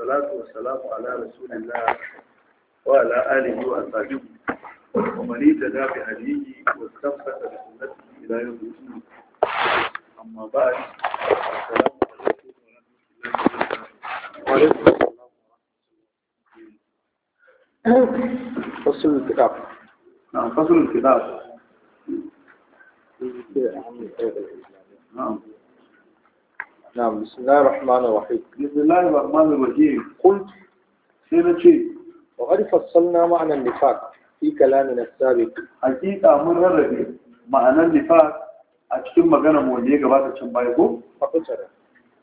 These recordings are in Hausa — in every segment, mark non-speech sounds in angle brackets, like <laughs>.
والصلاة والسلام على رسول الله وعلى آله وأصحابه ومن اهتدى بهديه واستمسك بسنته إلى يوم الدين أما بعد السلام عليكم ورحمة الله وبركاته فصل الكتاب نعم فصل الكتاب نعم نعم بسم الله الرحمن الرحيم بسم الله الرحمن الرحيم قلت شيء وقد فصلنا معنى النفاق في كلامنا السابق حقيقة أمر الرجل معنى النفاق أجتم مغانا موليه قبات الشمبايكو فقطر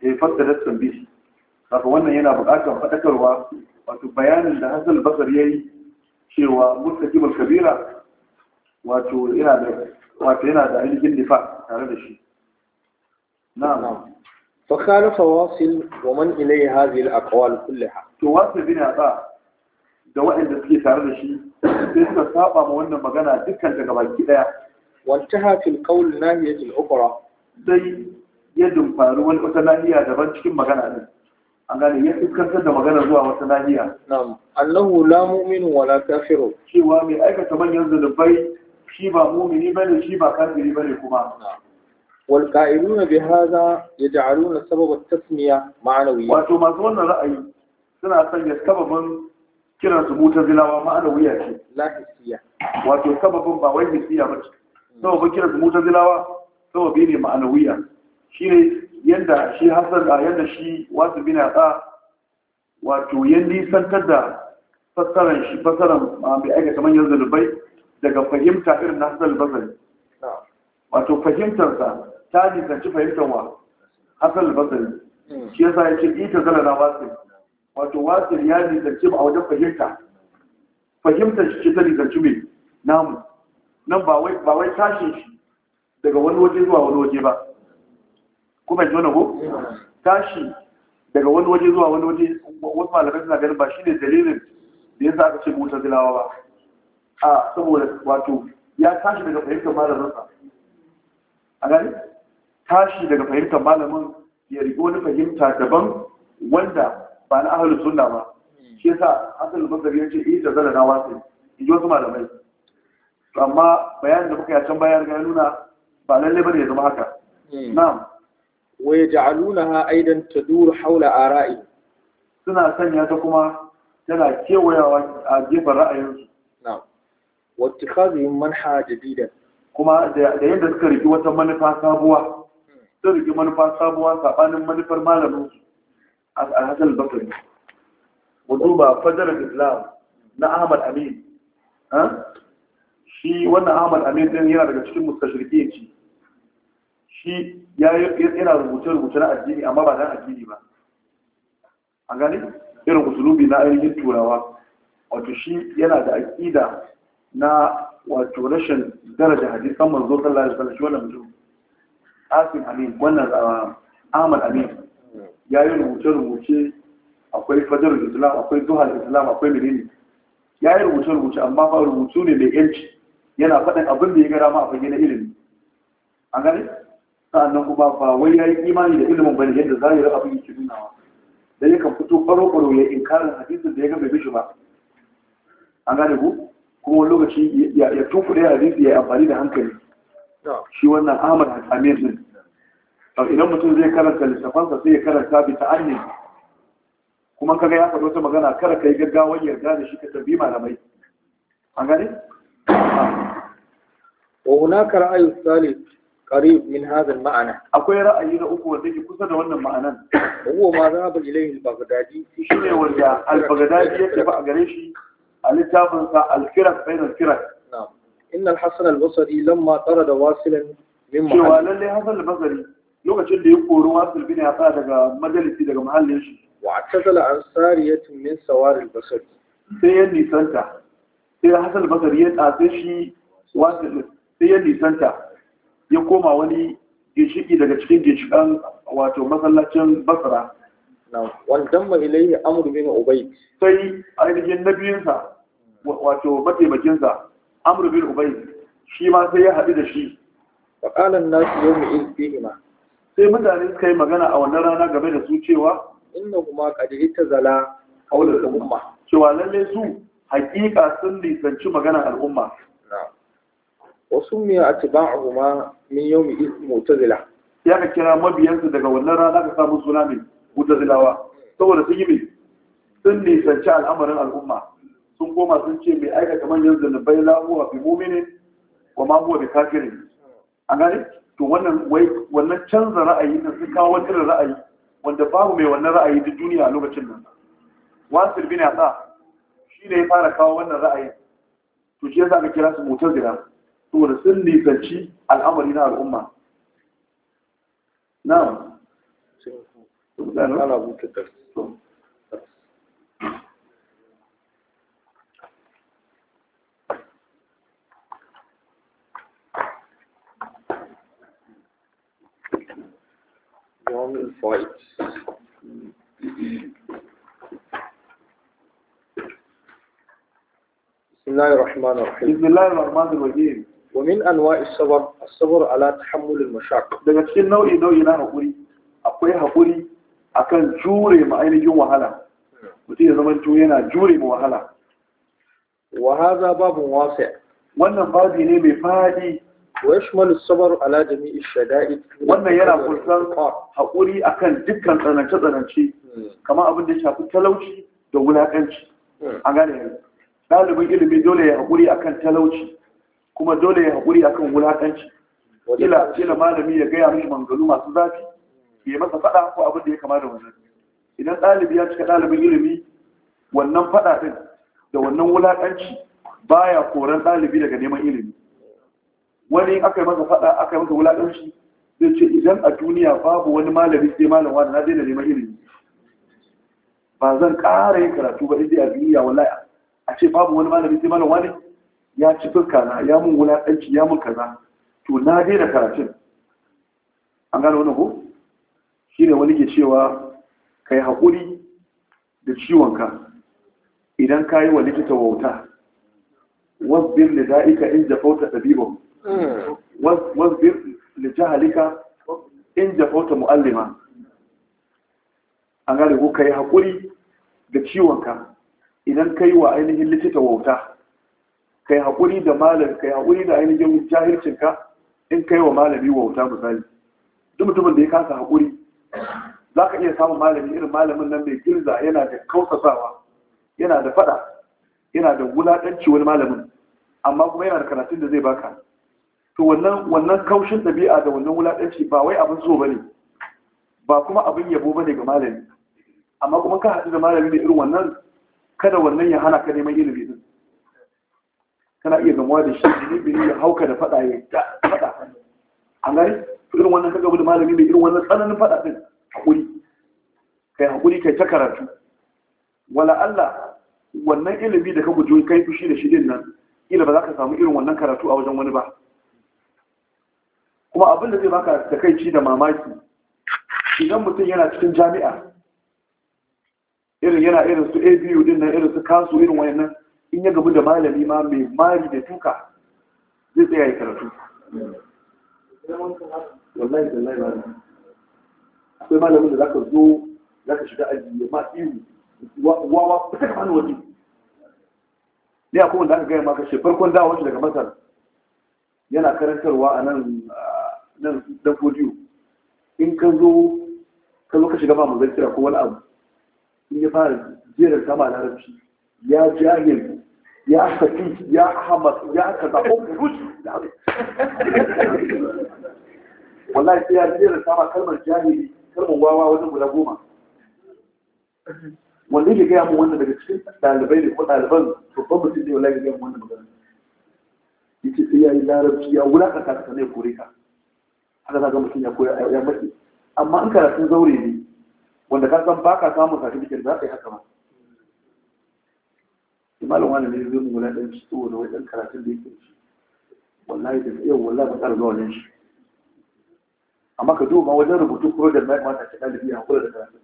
إيه فقطر التنبيه هنا wannan yana buƙatar faɗakarwa wato bayanin da hasal basar ya yi cewa mutakibul هنا wato yana da ainihin nifa tare da shi نعم, نعم. فخالف واصل ومن إليه هذه الأقوال كلها تواصل بين هذا da waɗanda suke tare da shi sai suka saba ma wannan magana dukkan daga baki ɗaya wantaha fil qawl nahiyatil ukhra sai ya dumfari wani wata nahiya daban cikin magana ne an gane ya fuskantar da magana zuwa wata nahiya na'am annahu la mu'minu cewa mai aikata manyan zulubai shi ba mu'mini bane shi ba kafiri bane kuma والقائلون بهذا يجعلون سبب التسمية معنويا واتو ما تقولنا رأي سنة سنة سببا كنا سموت زلاوة معنوية لا حسية واتو سببا باوي حسية بك سببا كنا سموت زلاوة سببا ne ma'anawiya shine yanda shi hasan da yanda shi wasu bin aka wato yan nisantar da fassaran shi manyan daga fahimta irin na hasan wato fahimtarsa ta nisanci fahimtar wa hasan basari hmm. shi yasa ya ce ita zana na wasir wato wasir ya nisanci a wajen fahimta fahimtar shi ce ta nisanci mai namu nan ba wai tashi shi daga wani waje zuwa wani waje ba kuma yi wani ko hmm. tashi daga wani waje zuwa wani waje wasu malamai suna ganin ba shi ne dalilin da ya sa aka ce mutar zilawa ba a saboda wato ya tashi daga fahimtar malamarsa a gani tashi daga fahimtar malamin ya rigo wani fahimta daban wanda ba na ahalin suna ba hmm. shi yasa hasan al-basri yace eh da na wasu in ji wasu malamai amma bayanin da muka yi a can bayan ya nuna ba lalle bane ya zama haka hmm. na'am wa yaj'alunaha aidan tadur hawla ara'i suna sanya ta kuma tana kewayawa a gefen ra'ayinsu na'am wa ittikhadhihim manha jadidan kuma da yadda suka riki wata manufa sabuwa sun rike manufa sabuwa saɓanin manufar malamin su a hasal bakari wato ba fajar islam na ahmad amin shi wannan ahmad amin din yana daga cikin mustashirki ce shi yana rubuce-rubuce na addini amma ba na addini ba A gani irin musulubi na ainihin turawa wato shi yana da aƙida na wato rashin daraja hadisan manzo sallallahu alaihi wasallam shi wannan mutum asin amin wannan ah, ahmad amin ya yi rubuce-rubuce akwai fajar islam akwai zuhar islam akwai menene ya yi rubuce-rubuce amma fa rubutu ne mai yanci yana faɗin abin da ya gara ma a fage na ilimi an gani sa'annan kuma ba wai ya yi imani da ilimin bane yadda za yi abin yake nunawa da yakan fito faro-faro ya inkarin hadisin da ya ga bai ba an gani ku kuma wani lokaci ya tukuɗe hadisi ya yi amfani da hankali shi wannan Ahmad Amir din idan mutum zai karanta littafansa sai ya karanta bi ta'anni kuma kaga ya faɗi ta magana kada ka yi gaggawa yarda da shi ka tabi malamai an gane wa hunaka ra'ayu salih قريب من هذا المعنى أقول ba لأكو وديك كسد وانا معنى هو ما ذهب إليه البغدادي في شنو وجه البغدادي يتبع قريشي الاتفاق الفرق بين الفرق inna al-hasan al-basri lamma tarada wasilan min mahall cewa lalle hasan al-basri lokacin da ya kori wasil bin ya tsaya daga majalisi daga mahallin shi wa tazala an sariyatin min sawar al-basri sai ya nisanta sai hasan al-basri ya tsace shi wasil sai nisanta ya koma wani ginshiki daga cikin ginshikan wato masallacin basra wandan ma ilayhi amru wato mataimakinsa amru bin ubay shi ma sai ya haɗu da shi wa na an-nas yawma idh fihima sai mutane suka yi magana a wannan rana game da su cewa kuma innahuma ta zala a al-umma cewa lalle su haƙiƙa sun lisanci magana al'umma wasu miya a ci ma min yawmi idh mu'tazila ya ka kira mabiyansu daga wannan rana ka samu suna mai mutazilawa saboda su yi mai sun nisanci al'amarin al'umma sun koma sun ce mai aikata manyan zunubai lahuwa fi bi mu'minin wa ma huwa kafirin A gani? to wannan wannan canza ra'ayi na sun kawo wata ra'ayi wanda babu mai wannan ra'ayi duk duniya a lokacin nan wasil bin sa shi ne ya fara kawo wannan ra'ayi to shi yasa aka kira su motar gida? to da sun nisanci al'amari na al'umma na'am يوم الفايت بسم الله الرحمن الرحيم بسم الله الرحمن الرحيم ومن أنواع الصبر الصبر على تحمل المشاق daga cikin nau'i nau'i na hakuri akwai hakuri akan jure ma ainihin wahala mutum ya zama jure yana jure ma wahala wa hadha babun wasi' wannan babi ne mai fadi ويشمل الصبر على جميع الشدائد wannan yana kusan hakuri akan dukkan tsanance tsanance kamar abin da shafi talauci da wulakanci hmm. an gane dalibin ilimi dole ya hakuri akan talauci kuma dole ya hakuri akan wulakanci ila ila malami ya gaya mishi mangalu masu zafi ya masa fada ko abin da ya kama da wannan idan dalibi ya cika dalibin ilimi wannan fada din da wannan wulakanci baya koran dalibi daga neman ilimi wani aka yi masa faɗa aka yi masa wulaɗanshi zai ce idan a duniya babu wani malami sai malam wani na daina neman ilimi ba zan ƙara yin karatu ba idan a duniya wallahi a ce babu wani malami sai malam wani ya ci fuska na ya mun wulaƙanci ya mun kaza to na daina karatun an gane wani ko shi ne wani ke cewa ka yi haƙuri da ciwonka idan ka yi wa likita wauta wasbir da da'ika in jafauta ɗabi'un wasbir li jahalika in jafauta mu'allima an gane ko kai hakuri da ciwonka idan kai wa ainihin likita wauta kai hakuri da malam kai hakuri da ainihin jahilcinka in kai wa malami wauta misali duk mutumin da ya kasa hakuri za ka iya samun malami irin malamin nan mai girza yana da kausasawa yana da fada yana da wulaɗanci wani malamin amma kuma yana da karatun da zai baka to wannan wannan kaushin dabi'a da wannan wulaɗanci ba wai abin so bane ba kuma abin yabo bane ga malami amma kuma ka haɗu da malami da irin wannan kada wannan ya hana ka neman ilimi din kana iya gamuwa da shi ilimi ya hauka da faɗa ya faɗa an gani irin wannan ka gabu da malami mai irin wannan tsananin faɗa din haƙuri kai haƙuri kai ta karatu wala Allah wannan ilimi da ka guji kai fushi da shi din nan ila ba za ka samu irin wannan karatu a wajen wani ba kuma abin da zai baka takaici da mamaki idan mutum yana cikin jami'a irin yana irin su abu din nan irin su kasu irin wayannan in ya gabu da malami ma mai mari da tuka zai tsaya ya karatu wallahi wallahi ba akwai malamin da zaka zo zaka shiga aji ya ma iwu wawa fita kamar waje ne akwai wanda aka gaya maka shi farkon dawa shi daga masar yana karantarwa a nan na dafodiyo, in ka zo ka zo ka shiga ba zai kira ko wani abu in ya fara sama kama larabci ya jahil ya saki ya hamas ya kaza ko burush wallahi sai ya jerar sama kalmar jahili kalmar wawa wajen guda goma wanda ya gaya mu wanda daga cikin ɗalibai da ko ɗaliban babban mutum ne wallahi ya gaya mu wanda magana yace sai ya yi larabci ya ta ka ne kore ka haka za ka mutum ya koya ya mace amma in karatun zaure ne wanda ka san baka samun certificate za ka yi haka ba malam wani ne zai mu dan shi to da wajen karatun da yake shi wallahi da yau wallahi ba ka zuwa wajen shi amma ka duba wajen rubutu ko da mai mata ta dalibi a kula da karatun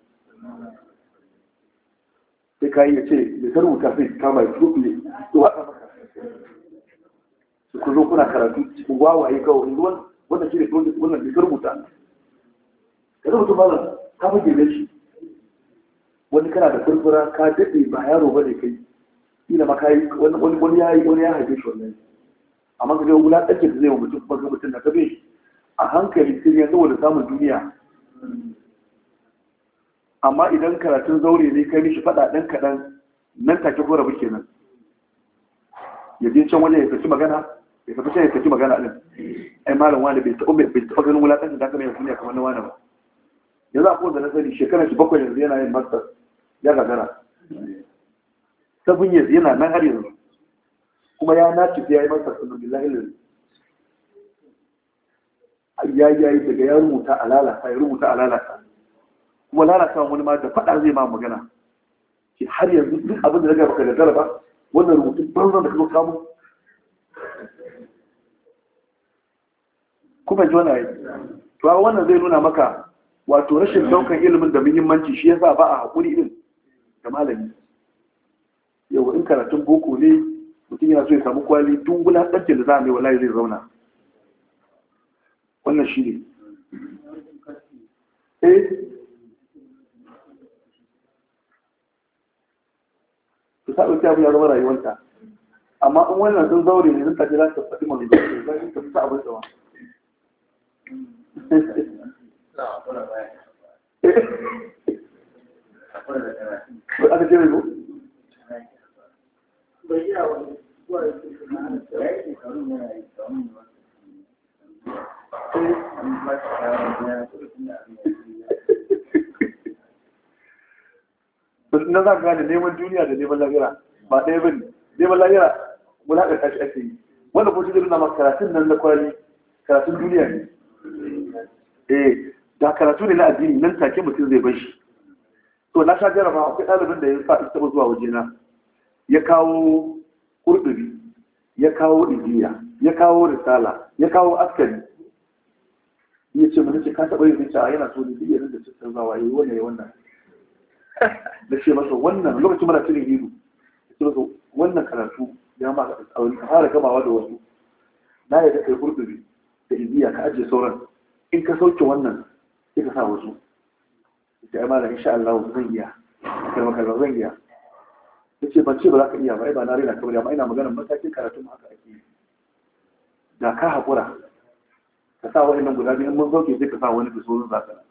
sai ka yi ya ce da ka rubuta sai ka mai tuɓe to haka ku zo kuna karatu cikin wawaye kawai wani. wannan shi ne project wannan ne ka rubuta ka rubuta malam ka fi gebe shi wani kana da furfura ka daɗe ba yaro ba da kai ina ma kai wani wani ya yi wani ya haife shi wannan amma ka ga wulaƙancin da zai wa mutum ba ga mutum na kabe shi a hankali sai ya da samun duniya amma idan karatun zaure ne kai mishi faɗa ɗan kaɗan nan take ko rabu kenan ya je can wani ya tafi magana bai tafi sai ya saki magana ɗin ai malam wani bai taɓa bai taɓa ganin wulaƙancin da aka mai duniya kamar na wani ba yanzu a kowace nasari shekarar shi bakwai yanzu yana yin masters ya gagara sabon yanzu yana nan har yanzu kuma ya nace ya yi masters ɗin billahi lillahi ya yi yayi daga ya rubuta a lalata ya rubuta a lalata kuma lalata wani ma da faɗa zai ma magana har yanzu duk abin da na gaba ka da galaba wannan rubutun banzan da ka zo kamun kuma ji wani to a wannan zai nuna maka wato rashin daukan ilimin da muhimmanci shi yasa ba a haƙuri din da malami yau in karatun boko ne mutum yana so ya samu kwali duk wulaƙancin da za a mai wallahi zai zauna wannan shi ne eh ta sa ɗauki ya zama rayuwanta amma in wannan sun zaure ne sun tafi za ta faɗi mai zai ta su sa abin da wani aka zaka na za gane neman duniya da neman lagira ba ɗaya ba ne, neman lahira wulaƙar tashi ake yi. Wanda kuma shi zai nuna maka karatun nan na kwari karatun duniya ne. eh da karatu ne na addini nan take mutum zai bar shi to na sha jaraba akwai ɗalibin da ya sa taɓa zuwa wajena ya kawo kurdubi ya kawo ijiya ya kawo risala ya kawo askari ya ce mana ce ka taɓa yin rica yana so ne iya da cikin zawa ya yi wannan ya wannan da ce masa wannan lokacin mana cikin hidu ya ce masa wannan karatu ya ma ka tsawon ka fara gamawa da wasu na yadda kai kurdubi da izniya ka ajiye sauran in ka sauke wannan ita sa wasu ita ya mala insha Allah zan iya karma karma zan iya ya ce ban ce ba za ka iya ba ai ba na rena kamar amma ina magana matakin karatun haka ake da ka haƙura ka sa wani nan guda biyan in mun sauke zai ka sa wani da sauran zaka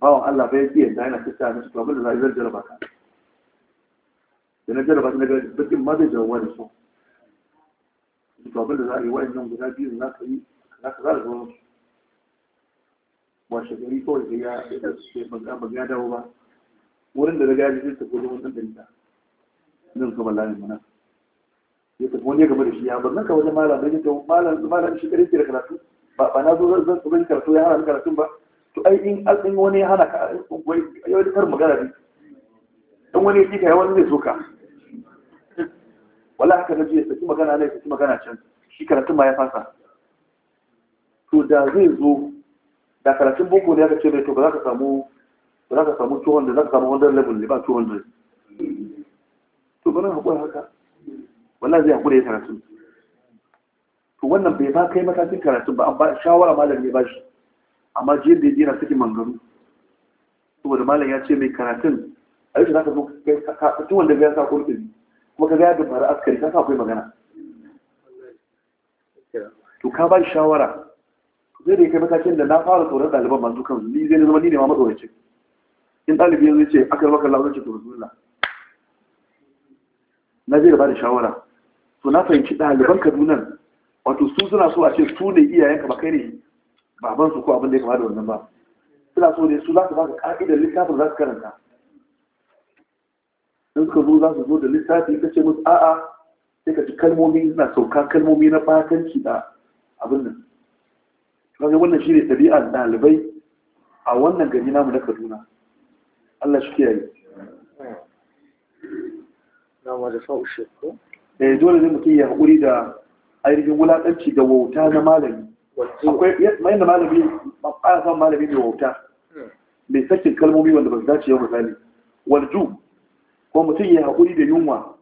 bawan Allah bai fiye da yana kisa na nasu abin da za a yi zan ba ka da na jarabar na gari bakin ma zai jarraba da su babban da za a yi wa'in nan guda biyu za ka yi za ka zara zuwa washe gari kawai da ya ban ya dawo ba wurin da daga yaji ta kodo wannan dalila nan kuma lamin mana ya tafi wani gaba da shi ya bar nan ka wajen malam dan ta malam malam shi kare da karatu ba ba na zo zan zan karatu ya hana ni karatun ba to ai in alɗin wani ya hana ka wai yau da kar magana ne dan wani ya kika ya wani zai so ka wala haka na ya saki magana ne ya saki magana can shi karatun ma ya fasa to da zai zo da karatun boko ne aka ce mai to ba za ka samu ba za ka samu 200 za ka samu 100 level ne ba 200 to ganin haƙura haka wala zai haƙura ya karatun to wannan bai ba kai matakin karatun ba amma shawara malam ya ba shi amma jiya da ya jira suke mangaru saboda malam ya ce mai karatun a yau za ka zo kai ka tun wanda ya sa kurkuri kuma ka gaya fara askari ta sa akwai magana to ka ba shawara zai da kai matakin da na fara tsoron ɗaliban masu kansu ni zai zama ni ne ma matsoranci. in ɗalibi yanzu ce aka yi makalla wajen to rasulullah na zai da ba da shawara to na fahimci ɗaliban kaduna wato su suna so a ce su ne iyayenka ba kai ne su ko abin da ya kama da wannan ba suna so ne su za su ba ka ka'idar littafin za su karanta in suka zo za su zo da littafi ka ce musu a'a sai ka ci kalmomi na sauka kalmomi na batanci da abin nan kaga wannan shine ɗabi'ar dalibai a wannan gari namu na Kaduna Allah shi kiyaye na ma da sa'u shekku eh dole ne mutum ya hakuri da ainihin wulakanci da wauta na malami akwai mai da malami ba a san malami ne wauta hmm. mai sakin kalmomi wanda ba su dace yau misali waljub ko mutum ya haƙuri da yunwa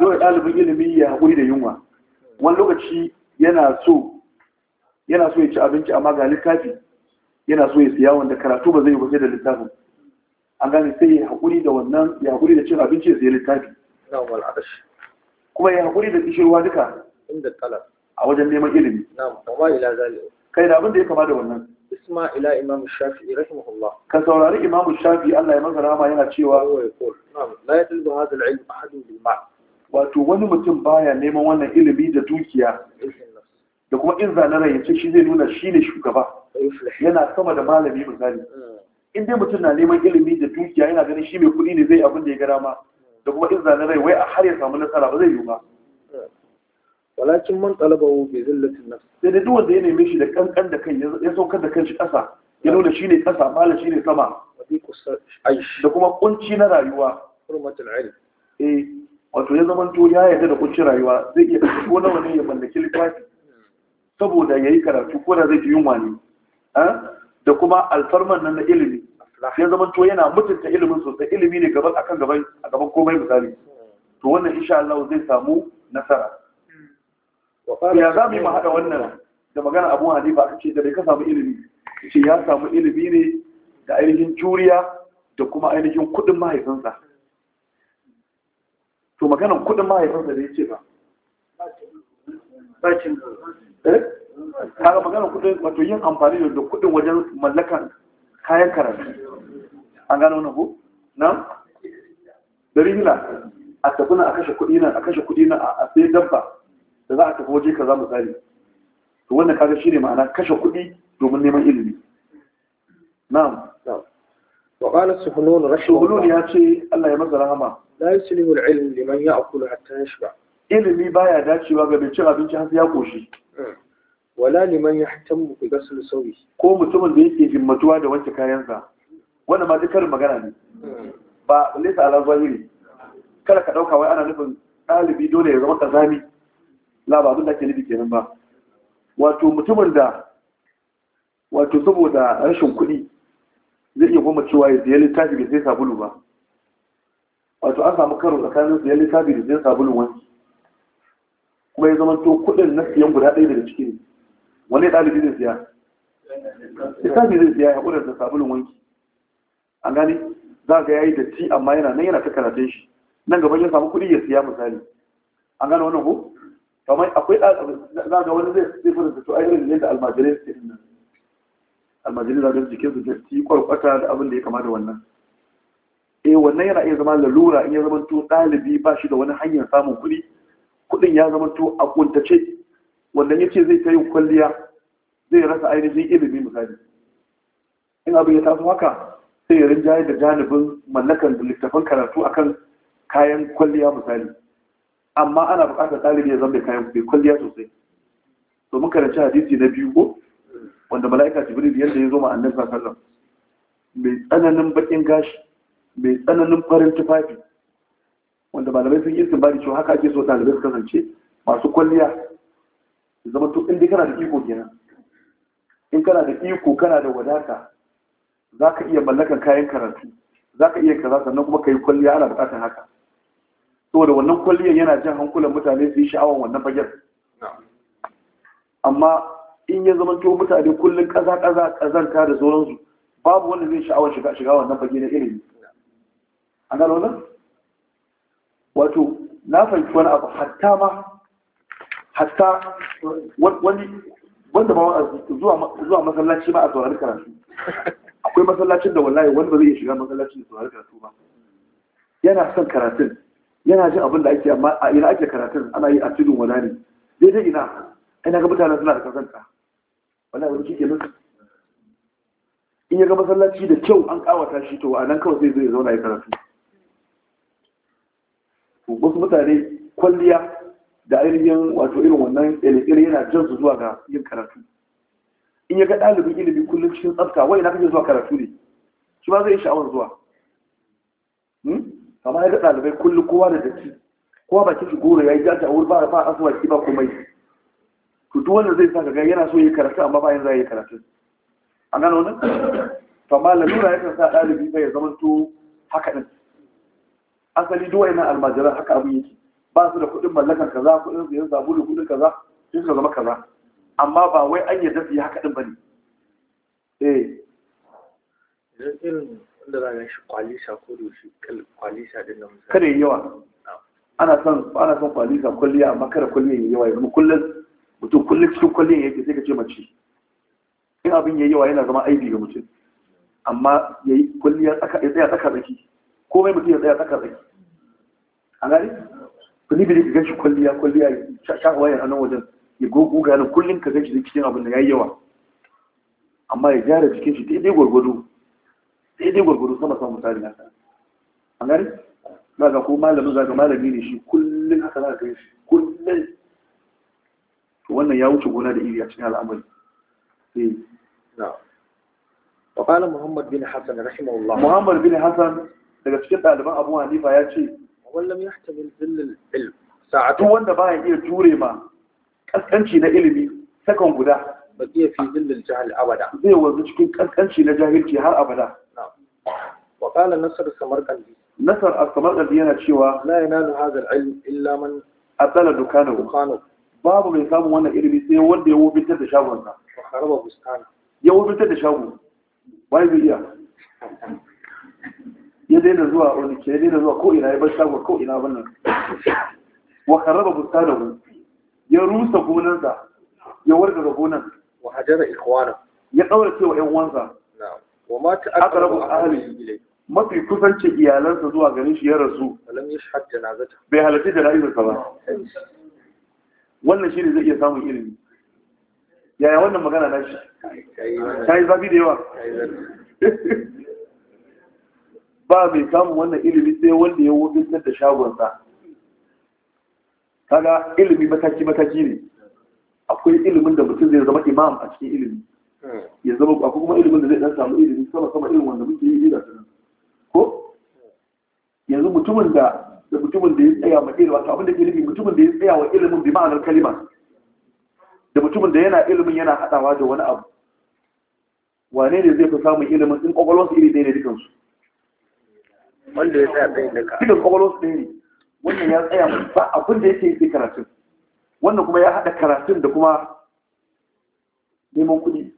dole ɗalibin ilimi ya haƙuri da yunwa wani lokaci yana so ya ci abinci amma ga littafi yana so ya siya wanda karatu ba zai kusa da littafin an gane sai ya haƙuri da wannan ya haƙuri da cin abinci ya siya littafi kuma ya haƙuri da kishirwa duka a wajen neman ilimi kai da abin da ya kama da wannan isma ila imam shafi'i rahimahullah ka saurari Imamu shafi'i Allah ya masa rahama yana cewa la yatlubu hadha al-ilm ahadun bil mal wato wani mutum baya neman wannan ilimi da dukiya da kuma in zane rai yace shi zai nuna shi ne shugaba yana sama da malami misali hmm. in dai mutum na neman ilimi da dukiya yana ganin shi mai kuɗi ne zai abin da ya gara ma da kuma in zane rai wai a har ya samu nasara ba zai yiwu ba walakin man talabahu bi zillatin nafs sai da duk da ya neme shi da kankan da kai ya saukar da kanshi ƙasa ya nuna shi ne ƙasa mala shi ne sama da kuma kunci na rayuwa hurmatul ilm eh wato ya zama to ya yarda da kunci rayuwa zai iya ko nawa ne ya mallaki littafi saboda yayi karatu ko da zai yi yunwa ne ah, da kuma alfarman nan na ilimi ya zama to yana mutunta ilimin sosai ilimi ne gaban akan gaban a gaban komai misali hmm. to wannan insha Allah zai samu nasara ya za mu yi haɗa wannan da magana abu hanifa aka ce da bai ka samu ilimi ce ya samu ilimi ne da ainihin juriya da kuma ainihin kuɗin mahaifinsa to maganan kuɗin mahaifinsa da ya ce ba eh? kaga maganar kudin wato yin amfani da kudin wajen mallakan kayan karatu an gano na ku nan dari hila a tafi a kashe kudi na. a kashe kudi na a sai dabba da za a tafi waje kaza tsari. to wannan kaga shine ma'ana kashe kuɗi domin neman ilimi na'am wa qala suhulun rashin ya ce Allah ya masa rahama la yuslimu al-ilm liman ya'kulu hatta yashba ilimi baya dacewa ga mai cin abinci har ya koshi hmm. wala liman yahtammu bi ghasl sawi ko mutumin da yake himmatuwa da wanke kayansa wannan ma dukkan magana ne hmm. ba laysa ala zahiri kada ka dauka wai ana nufin ɗalibi dole ya zama kazami la da ke nufi kenan ba wato mutumin da wato saboda rashin kuɗi zai iya goma cewa ya ziyar littafi da zai sabulu ba wato an samu karo tsakanin ziyar littafi da zai sabulu wani kuma ya zamanto kuɗin na siyan guda ɗaya daga ciki ne wani ɗalibi zai siya littafi zai siya ya haƙura da sabulun wanki an gani za ga yayi datti amma yana nan yana ta karatun shi nan gaban ya samu kuɗi ya siya misali an gani wannan ko kamar akwai za ga wani zai zai fara to ai ne yadda almajirai suke din nan almajirai za ga jikin su datti kwarkwata da abin da ya kama da wannan eh wannan yana iya zama lalura in ya zama to dalibi ba shi da wani hanyar samun kuɗi kuɗin ya zama to a kuntace wannan yace zai ta kulliya kwalliya zai rasa ainihin ilimi misali in abin ya taso haka sai ya rinjaye da janibin mallakan littafan karatu akan kayan kwalliya misali amma ana buƙatar ɗalibi ya zama kayan bai kwalliya sosai to muka rance hadisi na biyu ko wanda mala'ika jibril yadda ya zo ma annabi sallallahu mai tsananin bakin gashi mai tsananin farin tufafi wanda malamai sun yi bari cewa haka ake so ɗalibai su kasance masu kwalliya zama to in kana da iko kenan in kana da iko kana da wadata za ka iya mallakan kayan karatu za ka iya kaza sannan kuma ka yi kwalliya ana buƙatar haka saboda wannan kwalliyar yana jan hankulan mutane su yi sha'awan wannan fagen amma in ya zama to mutane kullum kaza kaza kazanta da sauransu babu wanda zai sha'awar shiga wannan fage na ilimi an gano nan wato na fahimci wani abu hatta ma hatta wani wanda wa zuwa masallaci ma a saurari karatu akwai masallacin da wallahi wani ba zai iya shiga masallacin da saurari karatu ba yana son karatun yana jin abin da ake amma a ina ake karatun ana yi a tudun wala ne daidai ina ina ga mutanen suna da kasanta wala wani kike nan in ya ga masallaci da kyau an kawata shi to a nan kawai zai zai zauna ya karatu wasu mutane kwalliya da ainihin wato irin wannan tsere yana jan su zuwa ga yin karatu in ya ga ɗalibin ilimi kullum cikin tsafta wai na kake zuwa karatu ne shi ma zai sha'awar zuwa amma ya ga ɗalibai kullum kowa da datti kowa ba shi goro ya yi jata a wuri ba a asuwa ki ba komai to duk wanda zai sa ka ga yana so ya karatu amma ba yanzu ya yi karatu a nan wani to amma lalura ya sa ɗalibi bai zama to haka ɗin asali duk na almajiran haka abin yake ba su da kuɗin mallakan kaza kuɗin siyan da kuɗin kaza sai suka zama kaza amma ba wai an yarda su yi haka ɗin ba ne eh wanda za a shi kwalisa ko doshi kwalisa din nan kada yi yawa ana son ana son kwalisa kulliya amma kada kulliya yi yawa yanzu kullum mutum kullum cikin kulliya yake sai ka ce mace in abin yayi yawa yana zama aibi ga mutum amma yayi kulliya ya tsaya tsaka tsaki komai mutum ya tsaya tsaka tsaki a gani bini bini ka ganshi kulliya kulliya sha wayan a nan wajen ya gogo ganin kullum ka ganshi cikin abin da ya yi yawa amma ya gyara cikin shi daidai gwargwado sai dai gwargwado sama sama misali na an gani za ka ko malamin za malami ne shi kullum haka za ka shi kullum to wannan ya wuce gona da iri a cikin al'amari eh na وقال محمد بن حسن رحمه الله محمد بن daga cikin ɗaliban abu hanifa ya ce wallam ya hatamin zillin ilm sa'atu wanda ba ya iya jure ma kaskanci na ilimi sakan guda baqiya fi zillil jahl abada zai wanzu cikin kankanci na jahilci har abada wa qala nasr samarqandi nasr as-samarqandi yana cewa la yanalu hadha al-ilm illa man atala dukanahu babu mai samun wannan ilimi sai wanda ya wofintar da shagon sa kharaba bustana ya wofintar da shago wai biya. ya daina zuwa wani ya daina zuwa ko ina ya bar shagon ko ina wannan wa kharaba bustanahu ya rusa gonansa ya warga gonan ya kaurace wa ƴan uwansa na'am wa ma ta'aqrabu ahli ilayhi mafi kusanci iyalansa zuwa ganin shi ya rasu lam yashhad janazata bai halarci janazarsa ba wannan shi ne zai iya samun ilimi yaya wannan magana na shi ta yi zafi da yawa ba mai samun wannan ilimi sai wanda ya wuce da shagonsa kaga ilimi mataki-mataki ne akwai ilimin da mutum zai zama imam a cikin ilimi hmm. ya zama akwai kuma ilimin da zai dan samu ilimi sama sama irin wanda muke yi da sunan ko yanzu mutumin da da mutumin da ya tsaya ma ilimi wato abin da ke nufi mutumin da ya tsaya wa ilimin bi ma'anar kalima da mutumin da yana ilimin yana hadawa da wani abu wane ne zai fi samun ilimin in su iri ɗaya ne su wanda ya tsaya tsayin duka kokolon su ɗaya ne wannan ya tsaya ba abin da yake yi karatun wannan kuma ya haɗa karatun da kuma neman kuɗi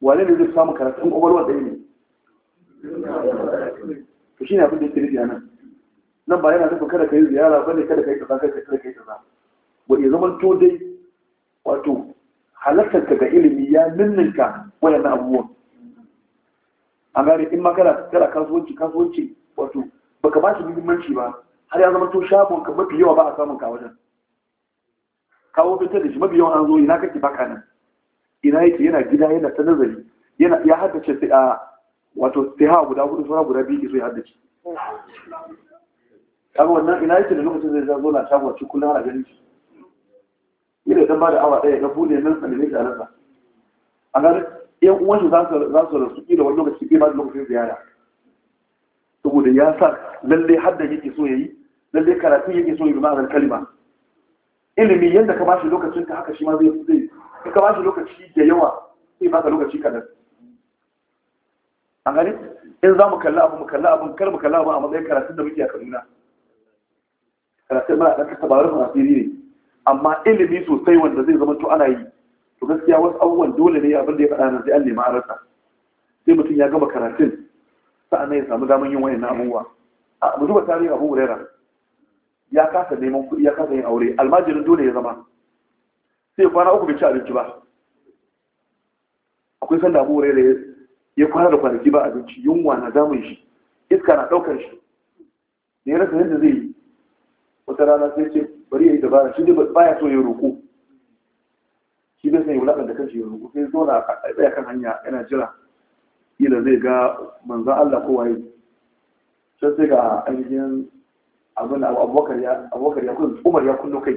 wane ne zai samu karatun ƙwaƙwalwa ɗaya ne Ka shi ne abin da ya nufi a nan nan ba yana zafi kada ka yi ziyara ba ne kada ka yi kaza kada ka yi kaza ba ya zama to dai wato halartar ka ga ilimi ya ninninka na abubuwan an gane in ma kana kana kasuwanci kasuwanci wato baka ba shi muhimmanci ba har ya zama to shafon ka mafi yawa ba a samun ka wajen kawo fitar da shi mabiyan an zo ina kake baka nan ina yake yana gida yana ta nazari yana ya haddace sai a wato sai ha guda hudu sai guda biyu sai ya haddace kaga wannan ina yake da lokacin zai zo na shago shi kullum ana ganin shi ina dan ba da awa daya ga bude nan sanin da alaka a ga yan uwan shi za su za su rasu kila wani lokaci bai ba da lokacin ziyara saboda ya sa lalle hadda yake so yayi lalle karatu yake so yi ma'anar kalima ilimi yadda ka bashi lokacin ka haka shi ma zai zai in ka bashi lokaci da yawa sai baka lokaci kadan an gani in za mu kalla abu mu kalla abun kar mu kalla abu a matsayin karatun da muke a Kaduna karatun mana ɗan ba mu asiri ne amma ilimi sosai wanda zai zama to ana yi to gaskiya wasu abubuwan dole ne abin da ya faɗa na sai an nemi a rasa sai mutum ya gama karatun sa'annan ya samu daman yin wayan abubuwa a mu duba tarihin Abu wurera. ya kasa neman kuɗi ya kasa yin aure almajirin dole ya zama sai kwana uku bai ci abinci ba akwai sanda abu da ya kwana da kwanaki ba abinci yunwa na damun shi iska na ɗaukar shi ne ya rasa yadda zai yi wata rana sai ce bari ya yi dabara shi dai baya so ya roƙo shi bai san ya wulaƙanta kan shi ya roƙo sai zo na tsaya kan hanya yana jira ila zai ga manzan Allah ko yi sai sai ga ainihin abin da abubakar ya abubakar ya kullu umar ya kullu kai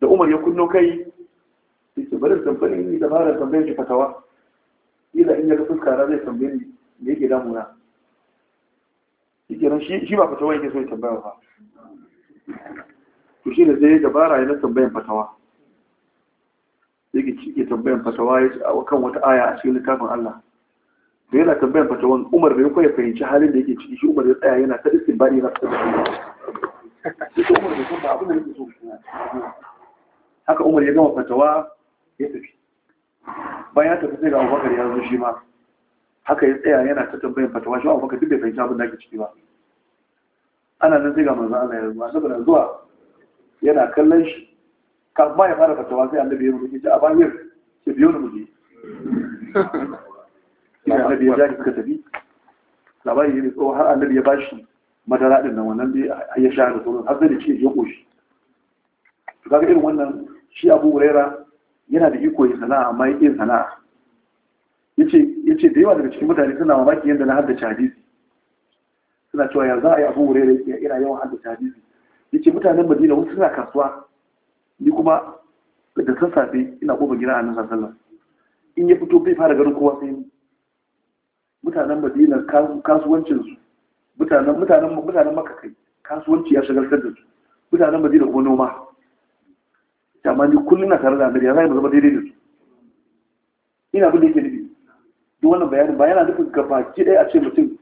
da umar ya kullu kai yace bari tambaye ni da fara tambaye shi fatawa ila in ya ga fuskara zai tambayi ni me yake damuna yake shi shi ba fatawa yake so ya tambaya ba to shi da zai dabara ya yana tambayan fatawa yake ci ke tambayan fatawa kan wata aya a cikin littafin Allah da yana tambayan fatawan umar bai kwaya fahimci halin da yake ciki shi umar ya tsaya yana ta iskin bani na fitar da shi ba haka umar ya gama fatawa ya tafi bayan ya tafi sai ga abubakar ya zo shi ma haka ya tsaya yana ta tambayan fatawa shi abubakar duk bai fahimci abin da ake ciki ba ana nan sai ga manzo Allah ya zo annabi zuwa yana kallon shi kafin ya fara fatawa sai annabi ya rubuce a bayan ya biyo ni mu je da annabi ya jari suka tafi labari ne tsohon har annabi ya bashi madara din nan wannan dai ya sha da tsoron. har zai da ce ya koshi to kaga irin wannan shi Abu wurera yana da iko ya sana'a amma ya sana'a Ya ce da yawa daga cikin mutane suna mamaki yadda na haddace hadisi suna cewa ya za a yi Abu wurera Huraira yana yawan haddace hadisi Ya ce mutanen Madina wasu suna kasuwa ni kuma da sassafe ina kofar gida a nan sallallahu in ya fito bai fara garin kowa sai ni mutanen madina kasuwancinsu mutanen makakai kasuwanci ya shagaltar da su mutanen madina kuma noma tamani kullum na tare da amir ya zai zama daidai da su ina bin da yake nufi duk wannan bayanin ba yana nufin gaba ki ɗaya a ce mutum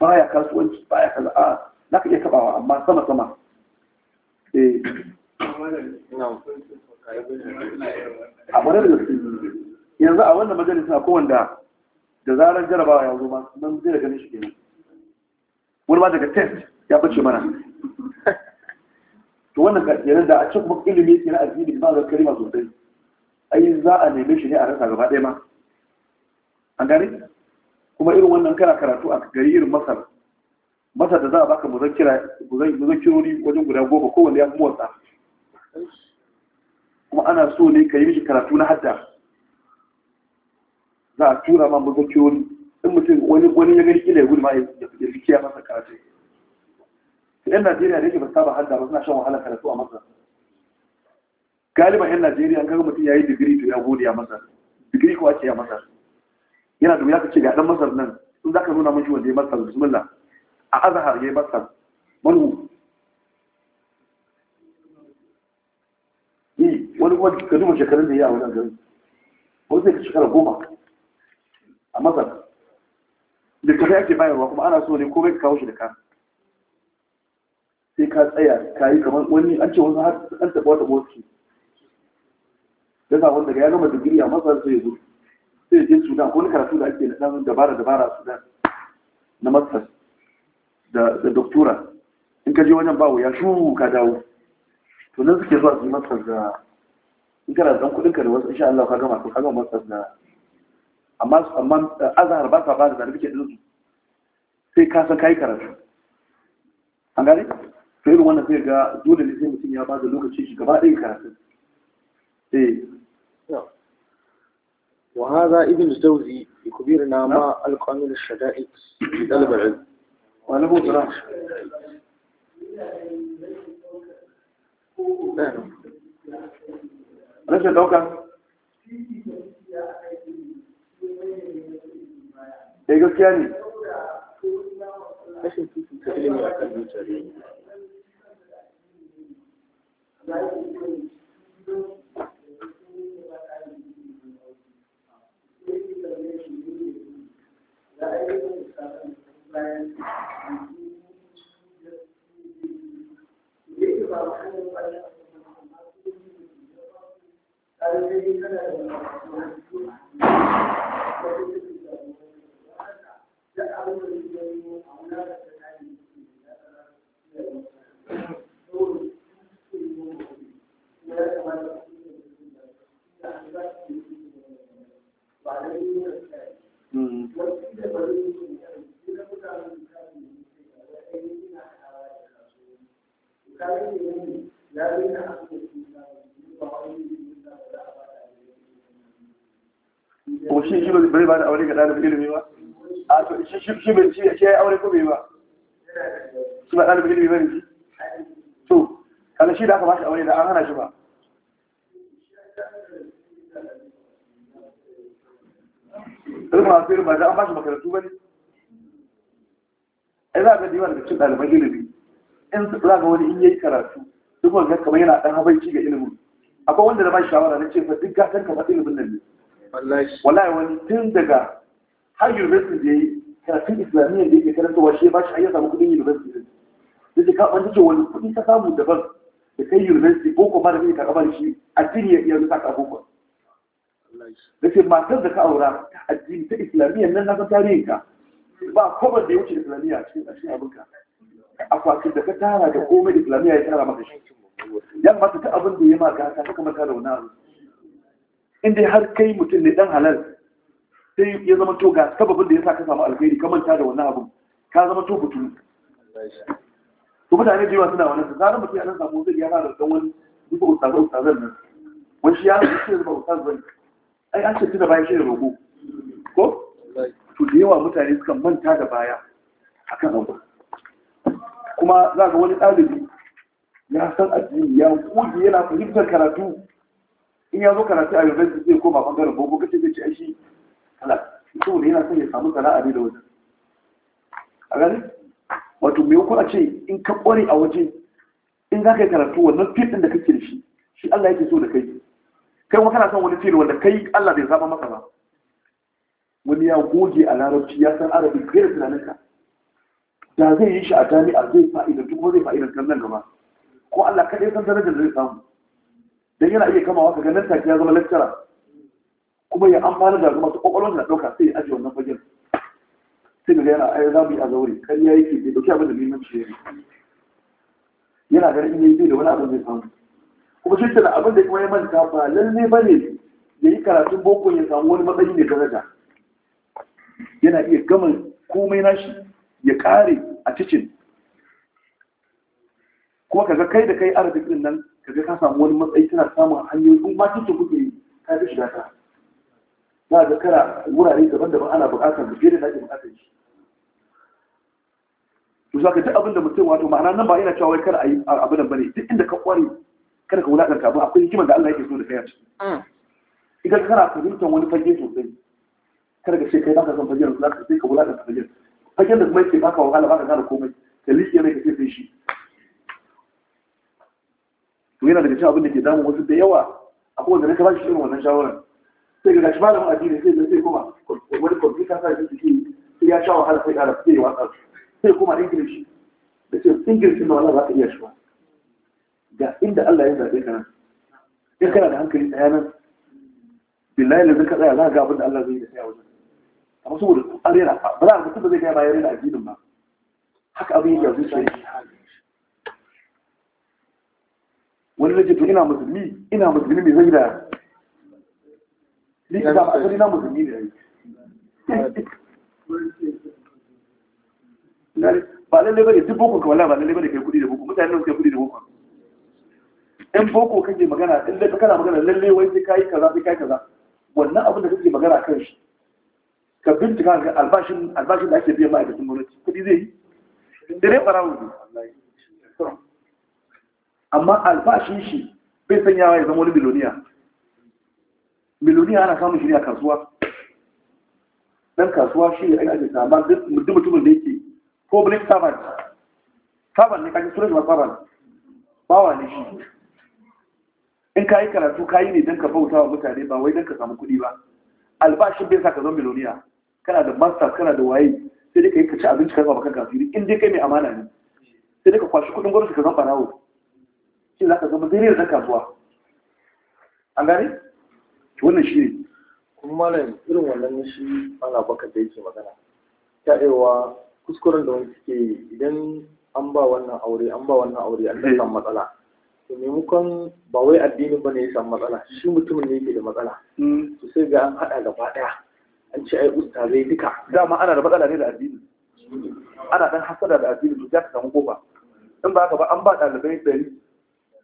baya kasuwanci baya kaza a na ka iya kabawa amma sama sama eh yanzu a wannan majalisa ko wanda da zarar jarabawa ya zo ma nan zai da ganin shi kenan wani ma daga test ya bace mana <laughs> to wannan kenan da a ce kuma ilimi kenan addini ba da Karima sosai ai za a neme shi ne a rasa gaba ɗaya ma an gane kuma irin wannan kana karatu a gari irin masar masar da za a baka muzakirori wajen guda goma kowanne ya fi motsa kuma ana so ne ka yi mishi karatu na hadda za a tura ma buga kiwon in mutum wani wani ya gani kila ya gudu ma ya fi masa karatu yan najeriya da yake ba saba hadda ba suna shan wahala karatu a masa. galiban yan najeriya an kaga mutum ya yi digiri to ya gode ya masa digiri ko ke a masa. yana da wuya ka ce ga dan masar nan in za ka nuna mun shi wanda ya masa bismillah a azahar ya yi masar manhu wani kuma ka duba shekarun da ya yi a wajen gari wani zai ka shekara goma a masar da kafa ake bayarwa kuma ana so ne ko bai kawo shi da ka sai ka tsaya ka yi kamar wani an ce wasu har an taɓa wata boski ya wanda ya gama digiri a masar sai ya zo sai ya je sudan ko wani karatu da ake na dabara dabara a sudan na masar da doktora in ka je wajen bawo ya shu ka dawo to nan suke zuwa su yi masar da in kana zan kudin ka da wasu insha Allah ka gama to ka gama masar da amma eh, azahar ba sa ba da zarfi ke ɗinsu sai ka san kayi karatu an gane sai irin wannan sai ga dole ne sai mutum ya ba da lokaci shi gaba ɗaya karatu eh وهذا ابن الجوزي يخبرنا ما القانون الشدائد في طلب العلم وانا بو صراحه نعم eh gaskiya ne rashin fifita ilimi a kan Thank you. ya daina abin da ke da ba wani ko shi shi bai ba da aure ga ɗalibin ilimi ba a to shi shi bai ci shi ya aure ko bai ba shi ba ɗalibin ilimi ba ne to kaga shi da aka bashi aure da an hana shi ba irin masu irin ba da an ba shi makarantu ba ne ai za ka diwa daga cikin ɗaliban ilimi in za ga wani in yi karatu duk wanda kamar yana ɗan habaici ga ilimin akwai wanda na ba shawara na ce fa duk gatan kamar ilimin nan ne wallahi wani tun daga har university da yi karatun islamiyyar da yake wa shi ba shi ayyuka samu kudin university da ta kaɓa ce wani kudi ka samu daban da kai university boko ma da kai ka kaɓa shi addini ya iya rufa ka boko da ce matar da ka aura ta addini ta islamiyyar nan na san tarihin ka ba kwabar da ya wuce islamiyya a cikin abinka akwatin da ka tara da komai islamiyya ya tara maka shi yamma ta abin da ya ma gata ta kuma ta rauna inda har kai mutum ne dan halal sai ya zama to ga sababin da ya sa ka samu alkhairi ka manta da wannan abun ka zama to butulu to mutane da yawa suna wannan sai mutum ya nan samu zai yana da dan wani duka ustazan ustazan nan wani shi ya yi shi zama ustazan ai an ce tuna bayan shi da rogo ko to da yawa mutane suka manta da baya akan abu kuma za ga wani ɗalibi ya san addini ya goge yana fahimtar karatu in ya zo karatu a yanzu zai koma bangaren boko kace zai ci aishi hala ne yana son ya samu sana'a ne da wani. a gani wato me yakun a ce in ka kware a waje in za ka yi karatu wannan fil din da kake da shi shi Allah yake so da kai kai kuma kana son wani fil wanda kai Allah bai zama maka ba wani ya goge a larabci ya san arabi kai da tunaninka da zai yi shi a jami'a zai fa'ida duk wani fa'idar kan nan gaba ko Allah kaɗai san darajar da zai samu dan yana iya kamawa kaga nan take ya zama lecturer kuma ya amfana da masu kwakwalwar da dauka sai ya ajiye wannan fagen sai ga yana ai zabi yi a zaure kan ya yake bai dauki abin da muhimmanci ya yana ganin in yayi da wani abin zai samu kuma shi tana abin da kuma ya manta ba lalle bane ya yi karatun boko ya samu wani matsayi mai daraja yana iya gama komai nashi ya kare a cikin kuma kaga kai da kai arzikin nan kaga ka samu wani matsayi tana samun hanyoyi in ma kike kuke yi ka fi shiga ta za ga kana wurare daban-daban ana buƙatar da fiye da ake buƙatar shi to zaka duk abin da mutum wato ma'ana nan ba yana cewa wai kada a yi abin nan bane duk inda ka kware kada ka wulakanta abin akwai hikimar da Allah yake so da kai a ciki mm. idan kana fahimtar wani fage sosai kada ka ce kai baka son fagen ka sai ka wulakanta fagen fagen da kuma yake baka wahala baka gane komai da liƙe ne ka ce sai shi to yana daga cikin abin da ke damun wasu da yawa akwai wanda ka ba shi irin wannan shawarar sai ga shi malamin addini sai sai kuma wani kwamfuta sa shi suke sai ya sha wahala sai ƙara sai ya watsa su sai kuma ingilishi da ce ingilishi da wannan za ka iya shi ba ga inda Allah ya zaɓe ka nan in kana da hankali tsaya nan billahi lazin ka tsaya za ka ga abin da Allah zai yi da tsaya wajen amma saboda an rera ba za a ga da zai gaya bayan rera addinin ba haka abin yake a zuciya wani na ce to ina musulmi ina musulmi mai zai da ni da asali na musulmi da yi <laughs> ba lalle bane duk boko ka kawai ba lalle bane kai kudi da boko mutane kai kudi da boko in boko kake magana in da kana magana lalle wai sai kai kaza sai kai kaza wannan abin da kake magana kan shi ka bincika ga albashin albashin da ake biya ma'aikatan gwamnati kudi zai yi dare farawo ne amma alfashin shi bai sanyawa ya zama wani miloniya miloniya ana samun shirya a kasuwa dan kasuwa shi ne ake sama duk mutumin da yake public servant servant ne kaji suna shi servant bawa ne shi in ka yi karatu ka yi ne don ka bauta wa mutane ba wai don ka samu kuɗi ba albashin bai sa ka zama miloniya kana da masters kana da waye sai dai ka yi ka ci abinci ka zama kan asiri in dai kai mai amana ne sai dai ka kwashi kuɗin gwamnati ka zama barawo shi za ka zama daidai da kasuwa an gane wannan shi ne kuma malam irin wannan shi ana baka da yake magana ta aiwa kuskuren da wani ke idan an ba wannan aure an ba wannan aure an san samu matsala to maimakon ba wai addini ba ne ya samu matsala shi mutumin ne yake da matsala hmm. to sai ga an haɗa gaba ɗaya an ce ai ustazai duka dama ana da matsala ne da addini ana dan hasada da addini to ya ka samu kofa in ba haka ba an ba ɗalibai ɗari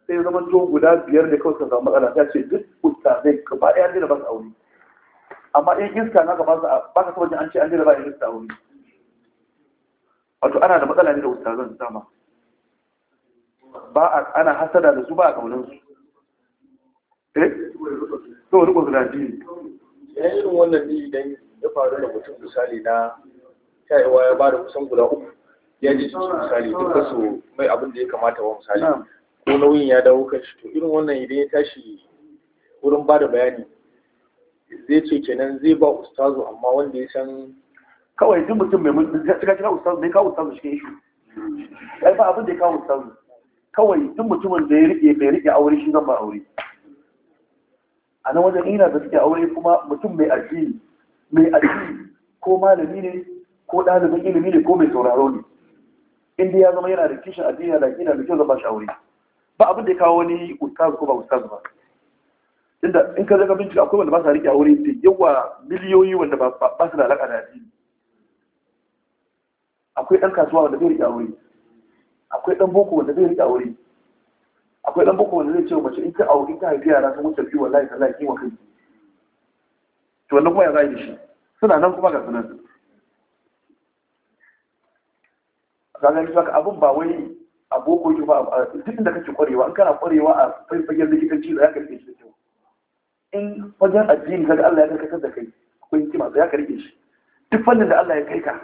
sai zaman to guda biyar ne kawai suka matsala ta ce duk kuta zai gaba ɗaya an dina ba su aure amma in iska na gaba ba ka saboda an ce an dina ba iska aure wato ana da matsala ne da zan sama ba a ana hasada da su ba a kaunar su eh to wani ko suna jini yayin irin wannan ne idan ya faru da mutum misali na shayarwa ya ba da kusan guda uku ya ji jiki misali duk su mai abin da ya kamata ba misali ko nauyin ya dawo kashi, to irin wannan idan ya tashi wurin ba da bayani zai ce kenan zai ba ustazu amma wanda ya san kawai duk mutum mai mutum ya kira ustazu mai kawo ustazu shi shi ai ba abin da ya kawo ustazu kawai duk mutumin da ya rike bai rike aure shi zan ba aure a nan wajen ina da suke aure kuma mutum mai addini mai addini ko malami ne ko ɗalibin ilimi ne ko mai sauraro ne dai ya zama yana da kishin addini da kina da kyau zan ba shi aure ba abin da ya kawo wani ustazu ko ba ustazu ba inda in ka zaka bincika akwai wanda ba sa rike aure da yawa miliyoyi wanda ba su da alaka da addini akwai ɗan kasuwa wanda bai rike aure akwai ɗan boko wanda bai rike aure akwai ɗan boko wanda zai ce mace in ka a wurin ka haifi yara sun wuce biyu wallahi tallahi kiwa kai to wannan kuma ya zai da shi suna nan kuma ga sunan kaga ni saka abun ba wai a boko ki ba duk inda kake kwarewa in kana kwarewa a fagen likitanci da ya karfe shi da kyau in wajen addini kaga Allah ya karkatar da kai akwai hikima da ya karfe shi duk fannin da Allah ya kai ka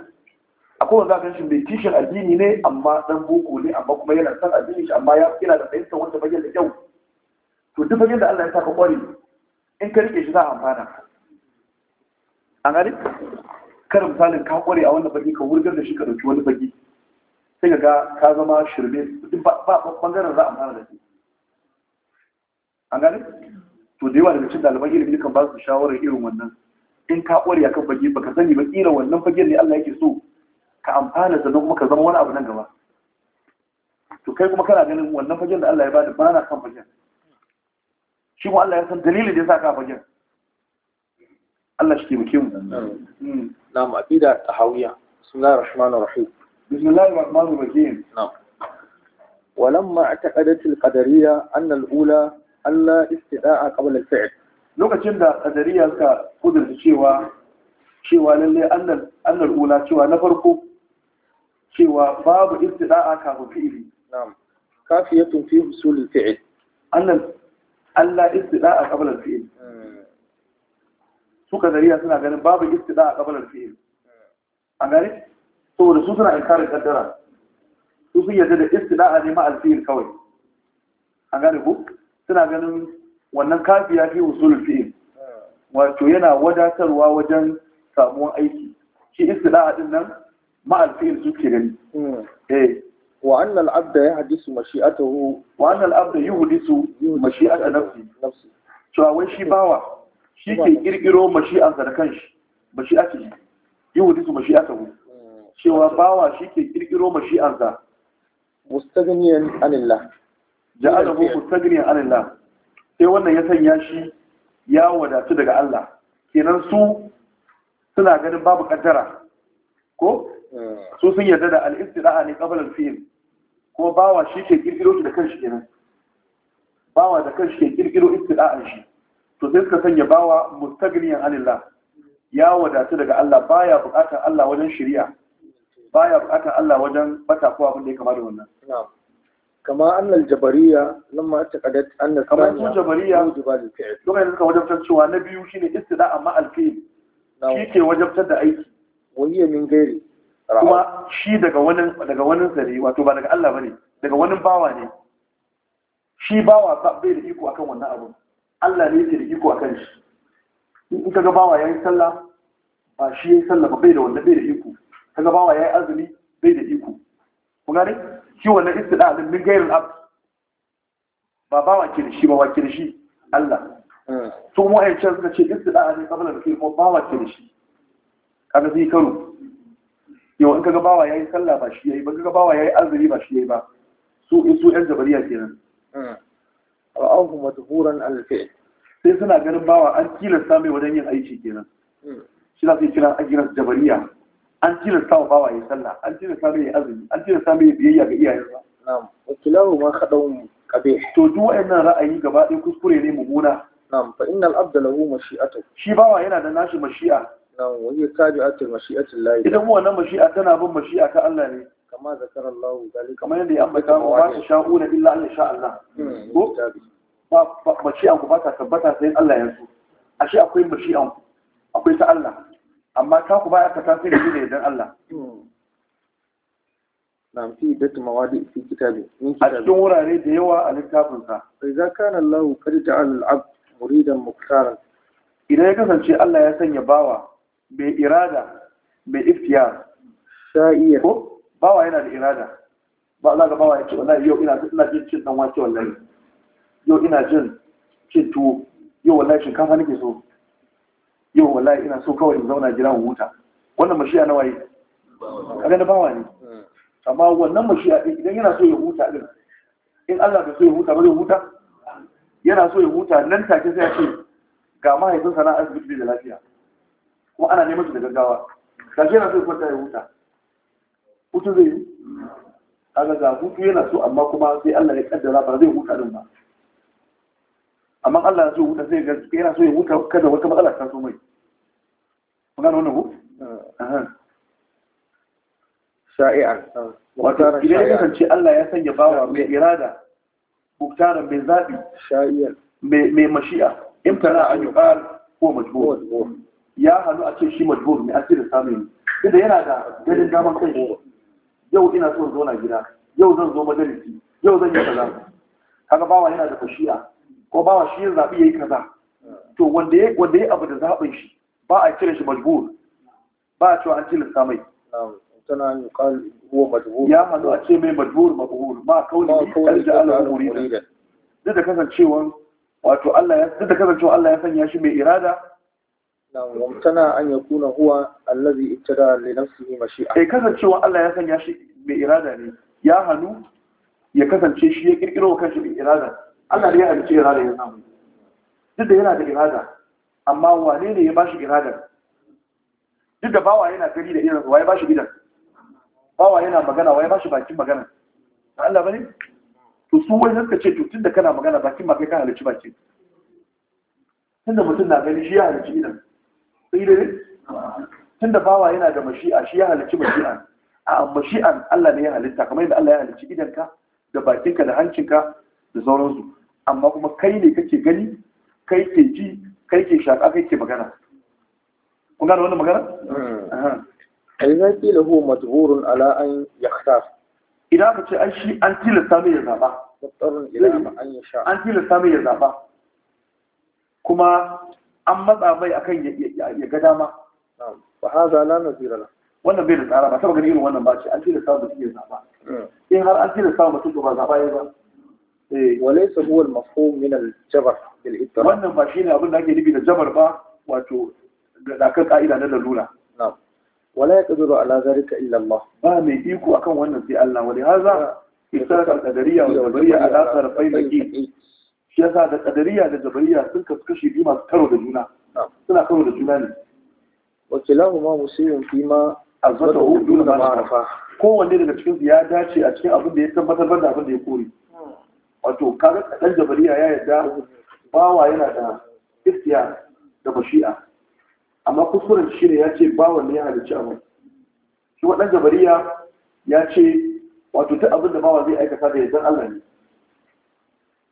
akwai wanda zaka shi mai tishin addini ne amma dan boko ne amma kuma yana san addini shi amma ya yana da fahimtar wanda fagen da kyau to duk fagen da Allah ya saka kware in ka rike shi za a amfana an gani karin misalin ka kware a wannan fage ka wurgar da shi ka dauki wani fage sai ga ka zama shirme ba bangaren za a fara da shi an gane to da yawa daga cikin ɗaliban ilimi kan ba su shawarar irin wannan in ka ƙware akan fage baka sani ba ƙila wannan fagen ne Allah yake so ka amfana sannan kuma ka zama wani abu nan gaba to kai kuma kana ganin wannan fagen da Allah ya bada ba na kan fagen shi kuma Allah ya san dalilin da ya sa ka fagen Allah shi ke muke mu mu aqida tahawiyya bismillahir rahmanir rahim بسم الله الرحمن الرحيم نعم ولما اعتقدت القدرية أن الأولى ألا استداء قبل الفعل lokacin da kadariya suka kudurta cewa cewa lalle ula cewa na farko cewa babu ibtida'a kafin fi'ili na'am kafiyatun fi husul fi'il annal alla ibtida'a qabla al hmm. su kadariya suna ganin babu ibtida'a a al-fi'il hmm. a saboda su suna inkarin kaddara su sun yarda da istila'a ne ma'alfiyar kawai an gane ku suna ganin wannan kafi ya fi usulul fi'il wato yana wadatarwa wajen samuwan aiki shi istila'a din nan ma'alfiyar su ke gani hmm. eh wa anna al-abda yahdisu mashi'atahu wa yi al-abda yuhdisu mashi'ata nafsi nafsi cewa wai shi bawa shi ke kirkiro mashi'ansa da kanshi mashi'atihi yuhdisu hu cewa bawa shi ke kirkiro mashi'arsa mustaghniyan anillah ja'alahu mustaghniyan anillah sai wannan ya sanya shi ya wadatu daga Allah kenan su suna ganin babu kaddara ko hmm. su sun yarda da al-istida'a ne qabla al-fi'l kuma bawa shi ke kirkiro shi da kanshi kenan bawa da kanshi ke kirkiro istida'an shi to sai suka sanya bawa mustaghniyan anillah ya wadatu daga Allah baya bukatar Allah wajen shari'a baya bukatar Allah wajen bata ko abin da ya kama da wannan kama annal jabariya lamma taqadat Annal kama su jabariya lokacin suka wajabtar cewa na biyu shine istida amma alfi'il shi ke wajabtar da aiki wani min gairi kuma shi daga wani daga wani sare wato ba daga Allah bane daga wani bawa ne shi bawa ba bai da iko akan wannan abu Allah ne yake da iko akan shi in kaga bawa yayin sallah ba shi yayin sallah ba bai da wanda bai da iko Ka kaga bawa yayi azumi bai da iko kun gane shi wannan istida din min gairin ab ba bawa ke da shi ba wa ke da shi Allah to hmm. mu ai can suka ce istida ne kabla da kai ko bawa ke da shi kaga sai karo yau in kaga bawa yayi sallah ba shi yayi ba kaga bawa yayi azumi ba shi yayi ba su in su yan jabariya kenan hmm. ra'ahu madhuran al-fi'l sai suna ganin bawa an tilasta mai wajen aiki kenan hmm. shi za su yi kiran a jabariya an tilasta wa bawa ya sallah an tilasta mai azumi an tilasta mai biyayya ga iyayensa na'am wakilahu ma khadawun qabih to duk wa'annan ra'ayi gaba ɗaya kuskure ne mumuna. na'am fa innal abda lahu mashi'atu shi bawa yana da nashi mashi'a na'am wa hiya tabi'atu mashi'ati Allah idan wannan mashi'a tana bin mashi'a ta Allah ne kama zakara Allah zalika kamar yadda ya ambata wa ba ta sha'una illa an sha Allah hmm. ko ba mashi'an ku ba ta tabbata sai Allah ya so ashe akwai mashi'an akwai ta Allah amma ta ku baya ka tasiri shi ne dan Allah na'am fi datu mawadi fi kitabi a cikin wurare da yawa a littafin sa sai idza kana Allah qad ta al ab muridan muktara idan ya kasance Allah ya sanya bawa mai irada mai iftiyar sha'iya ko bawa yana da irada ba za ga bawa ya ce wallahi yau ina ina jin cin dan wake wallahi yau ina jin cin tuwo yau wallahi shinkafa nake so ciwo wallahi ina so kawai in zauna jiran huta wannan mashiya na waye kaga da bawa ne amma wannan mashiya din idan yana so ya huta din in Allah bai so ya huta ba zai huta yana so ya huta nan take sai ya ce ga mahaifinsa na asibiti da lafiya kuma ana neman shi da gaggawa ga yana so ya kwanta ya huta hutu zai yi kaga ga hutu yana so amma kuma sai Allah ya kaddara ba zai huta din ba amma Allah ya so huta sai ga yana so ya huta kada wata matsala ta so mai kuna nuna ku? sha'i'ar wata idan ya ce Allah ya sanya bawa mai irada muktara mai zaɓi sha'i'ar mai mashi'a imtana an yi ƙar ko majbur ya hannu a ce shi majbur mai asiri samun inda yana da ganin damar kai yau ina son zo na gida yau zan zo majalisi yau zan yi kaza kaga bawa yana da mashi'a ko bawa shi ya zaɓi ya yi kaza to wanda ya abu da zaɓin shi ba a cire shi majbur ba a cewa an tilasta mai ya hannu a ce mai majbur mabhur ma kauli yarja Allah murida duk da kasancewa wato Allah ya duk da kasancewa Allah ya sanya shi mai irada na'am wamtana an kuna huwa allazi ittada li nafsihi mashi'a eh kasancewa Allah ya sanya shi mai irada ne ya hannu ya kasance shi ya kirkiro kanshi mai irada Allah ne ya halice irada ya samu duk da yana da irada amma wane ne ya ba shi iradar duk da bawa yana gari da irin waye ba shi gidan bawa yana magana waye ba shi bakin magana da Allah bane to su wai suka ce to tunda kana magana bakin magana kai ka halicci bakin tunda mutum na gani shi ya halici idan sai dai tunda bawa yana da mashi'a shi ya halici mashi'an a mashi'an Allah ne ya halitta kamar yadda Allah ya halicci gidanka, da bakinka da hancinka da sauransu amma kuma kai ne kake gani kai ke ji kai ke shaƙa kai ke magana kun gane wannan magana hmm. ai za ki lahu madhurun ala an yakhtar idan ka ce ai shi an tilasta mai ya zaɓa ila ma an yasha an tilasta mai ya zaɓa kuma an matsa mai akan ya ga dama fa hadha la nazira la wannan bai da tsara ba saboda irin wannan ba ce an tilasta mutum ya zaɓa hmm. in har an tilasta mutum ba zaba ya ba وليس هو المفهوم من الجبر بالاضطراب wannan ba shine abin da ake nufi da jabar ba wato da kan ka'ida na lalura na'am wala yaqdiru ala zalika illa Allah ba mai iko akan wannan sai Allah wali haza isara al-qadariyya wa jabariyya ala tarfayn daqi shi yasa da qadariyya da jabariyya sun kashi biyu masu karo da juna suna karo da juna ne wa kilahuma musiyun fima azbatahu duna ma'rafa kowanne daga cikin su ya dace a cikin abin da ya tabbatar da abin da ya kore hmm. wato kaga dan jabariya ya yarda bawa yana da iftiya da bashi'a amma kuskuren shi ne ya ce bawa ne ya halicci abu shi waɗan jabariya ya ce wato ta abin da bawa zai aikata da yardan Allah ne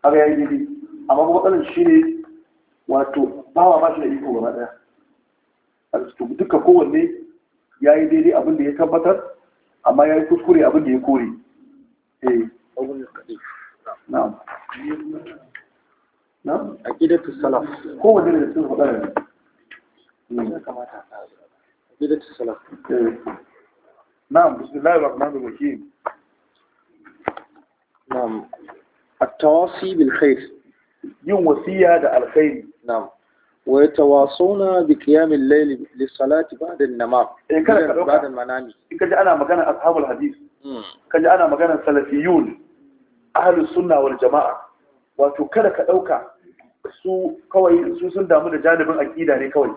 kaga yi daidai amma kuma matsalar shi ne wato bawa ba shi da iko gaba daya duka kowanne ya yi daidai abin da ya tabbatar amma ya yi kuskure abin da ya kore eh نعم نعم عقيدة السلف هو دين السلف هذا نعم. نعم. عقيدة السلف نعم بسم الله الرحمن الرحيم نعم التواصي بالخير يوم وصية هذا الخير نعم ويتواصون بقيام الليل للصلاة بعد النماء بعد المنام إن كان أنا مكان أصحاب الحديث كان أنا مكان السلفيون ahlus sunna wal jama'a wato kada ka dauka su kawai su sun damu da janibin aqida ne kawai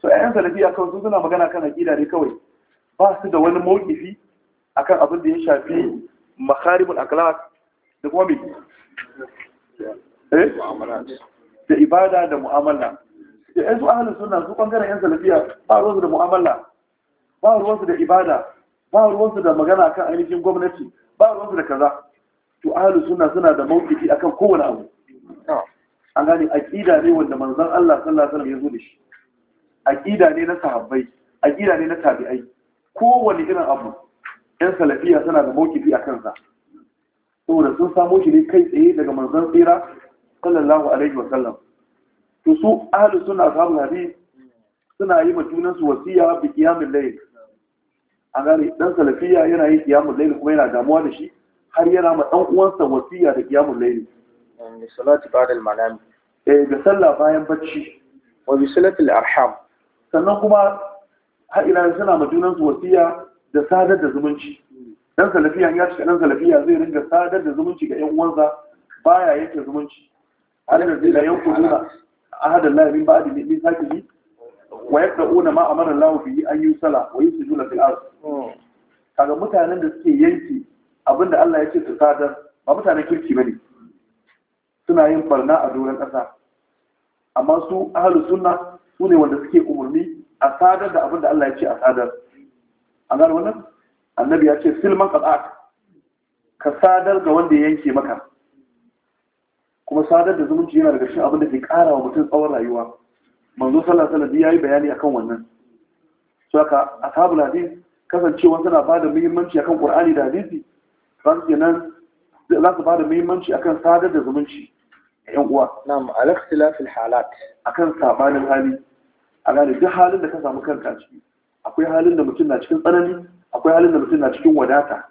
so ayan salafiya kawai su suna magana kan aqida ne kawai ba su da wani mawkifi akan abin da ya shafi makharibul akhlaq da kuma me eh da ibada da mu'amala da yanzu ahalin suna su ɓangaren yan salafiya ba ruwansu da mu'amala ba ruwansu da ibada ba ruwansu da magana kan ainihin gwamnati ba ruwansu da kaza to ahlu sunna suna da mawqifi akan kowane abu gani gane aqida ne wanda manzon Allah sallallahu alaihi wasallam ya zo da shi aqida ne na sahabbai aqida ne na tabi'ai kowane irin abu yan salafiya suna da mawqifi akan sa saboda sun samo shi ne kai tsaye daga manzon tsira sallallahu alaihi wasallam to su ahlu sunna ashabul hadith suna yi ma junan su wasiya bi qiyamul layl gani gane salafiya yana yin qiyamul layl kuma yana damuwa da shi har yana ma ɗan uwansa wasiya da qiyamul layl da salati ba'da al-manam eh da sallah bayan bacci wa bi salati arham sannan kuma har ila suna ma junan su wasiya da sadar da zumunci dan salafiya ya cika dan salafiya zai ringa sadar da zumunci ga 'yan'uwansa, uwansa baya yake zumunci har da zai yankuduna ahadallahi min ba'di min sakihi ma ما أمر الله به أن يصلى ويسجد في الأرض kaga mutanen da suke yanki abinda Allah ya ce su sadar ba mutanen kirki ba ne suna yin barna a doron ƙasa amma su ahalu sunna su ne wanda suke umarni a sadar da abinda Allah ya ce a sadar an gano wannan annabi ya ce silman qat'at ka sadar ga wanda ya yanke maka kuma sadar da zumunci yana daga cikin abinda ke ƙara wa mutum tsawon rayuwa manzo sallallahu alaihi wasallam yayi bayani akan wannan saka haka ashabul hadith kasancewa suna ba da muhimmanci akan qur'ani da hadisi kan nan za su ba da muhimmanci akan sadar da zumunci yan uwa na'am ala ikhtilafil halat akan sabanin hali a gane duk halin da ka samu kanka ciki akwai halin da mutum na cikin tsanani akwai halin da mutum na cikin wadata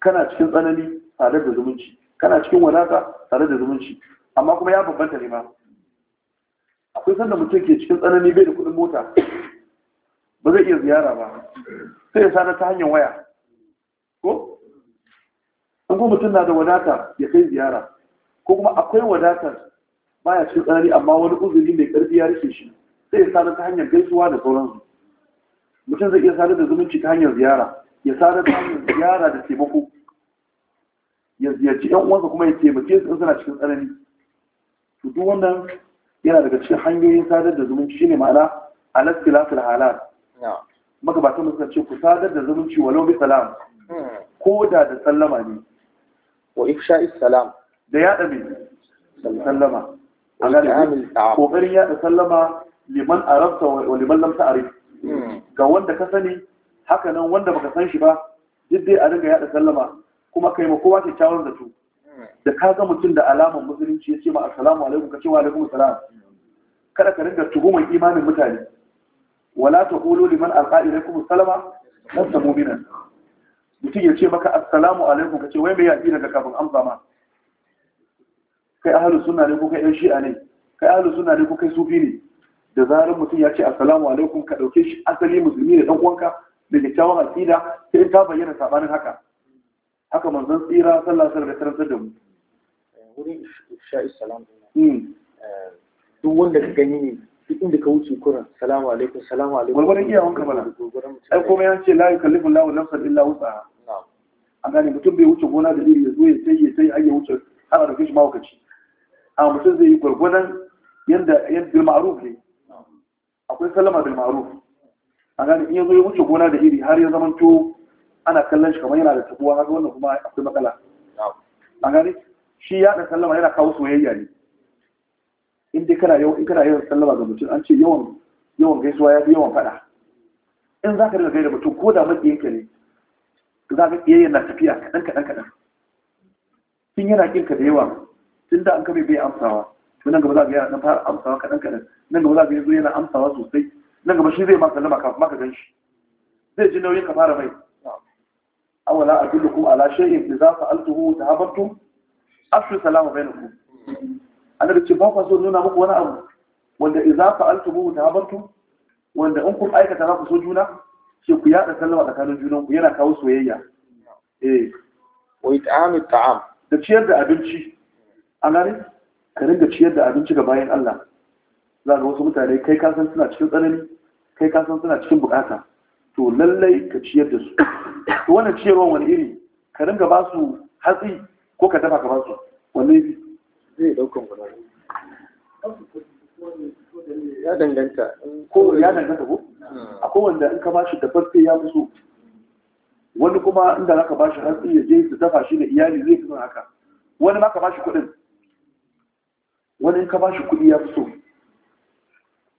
kana cikin tsanani sadar da zumunci kana cikin wadata sadar da zumunci amma kuma ya bambanta ne ma akwai sanda mutum ke cikin tsanani bai da kuɗin mota ba zai iya ziyara ba sai ya sadar ta hanyar waya ko an kuma mutum na da wadata ya kai ziyara ko kuma akwai wadatar baya cikin tsanani amma wani uzuri mai karfi ya rike shi sai ya sadar ta hanyar gaisuwa da sauransu mutum zai iya sadar da zumunci ta hanyar ziyara ya sadar ta hanyar ziyara da taimako ya ziyarci yan uwansa kuma ya taimake su in suna cikin tsanani to duk wannan yana daga cikin hanyoyin sadar da zumunci shine ma'ana alastilatul halal magabatan suka ce ku sadar da zumunci walau bi salam hmm. ko da da sallama ne wa ifsha'i salam da yaɗa mai sallama a gane kokarin yaɗa sallama liman arabta wa liman lam ta'rif hmm. ga wanda ka sani haka nan wanda baka san shi ba duk dai a riga yaɗa sallama kuma kai ma kowa ke kyawar da su hmm. da ka ga mutum da alamar musulunci ya ce ma wa kada ka ringa tuhumar imanin mutane wala taqulu liman alqa ilaykum salama mutum ya ce maka assalamu alaikum ka ce wai mai yaƙi daga kafin amsa ma kai ahalu suna ne ko kai yan shi'a ne kai ahalu suna ne ko kai sufi ne da zarar mutum ya ce assalamu alaikum ka ɗauke shi asali musulmi da ɗan uwanka da kyakkyawan al'ida sai in ta bayyana sabanin haka haka manzon tsira sallah sallah da karantar da mu eh, wurin sha'i salam hmm. eh, duk wanda ka gani ne duk inda ka wuce kuran salamu alaikum salamu alaikum gwargwadon iyawan kamala ai komai ya ce la yukallifu lahu nafsan illa wusaha A gane mutum bai wuce gona da iri ya zo ya sai ya sai har wuce har a rufe shi mawakaci a mutum zai yi gwargwadon yadda yadda bil ma'ruf ne akwai salama bil ma'ruf A gane in ya zo ya wuce gona da iri har ya zamanto ana kallon shi kamar yana da tabuwa haka wannan kuma akwai matsala A gane shi ya da sallama yana kawo soyayya ne in dai kana yawan in kana yawan sallama ga mutum an ce yawan yawan gaisuwa ya fi yawan faɗa in za ka dinga gaida mutum ko da maƙiyinka ne za ka iya yana tafiya kaɗan kaɗan kaɗan tun yana ƙinka da yawa tun da an kame bai amsawa to nan gaba za ka yana fara amsawa kaɗan kaɗan nan gaba za ka yanzu yana amsawa sosai nan gaba shi zai ma sallama kafin maka gan shi zai ji nauyin ka fara mai awala a adullukum ala shay'in idza fa'altuhu tahabbtum afshu salama bainakum annabi ce ba ku so nuna muku wani abu wanda idza fa'altumuhu tahabbtum wanda in kun aikata za ku so juna sai ku yada sallama tsakanin junanku, yana kawo soyayya eh wa it'amu ta'am da ciyar da abinci A gane ka ringa ciyar da abinci ga bayan Allah za ga wasu mutane kai ka san suna cikin tsanani kai ka san suna cikin bukata to lallai ka ciyar da su to wannan ciyarwa wani iri ka ringa ba su hatsi ko ka dafa ka ba su wannan zai ɗaukan guda ya danganta ko ya danganta ko akwai wanda in ka bashi da farfe ya fi so wani kuma inda zaka bashi hatsi ya je su dafa shi da iyali zai fi haka wani ma ka bashi kuɗin wani in ka bashi kuɗi ya fi so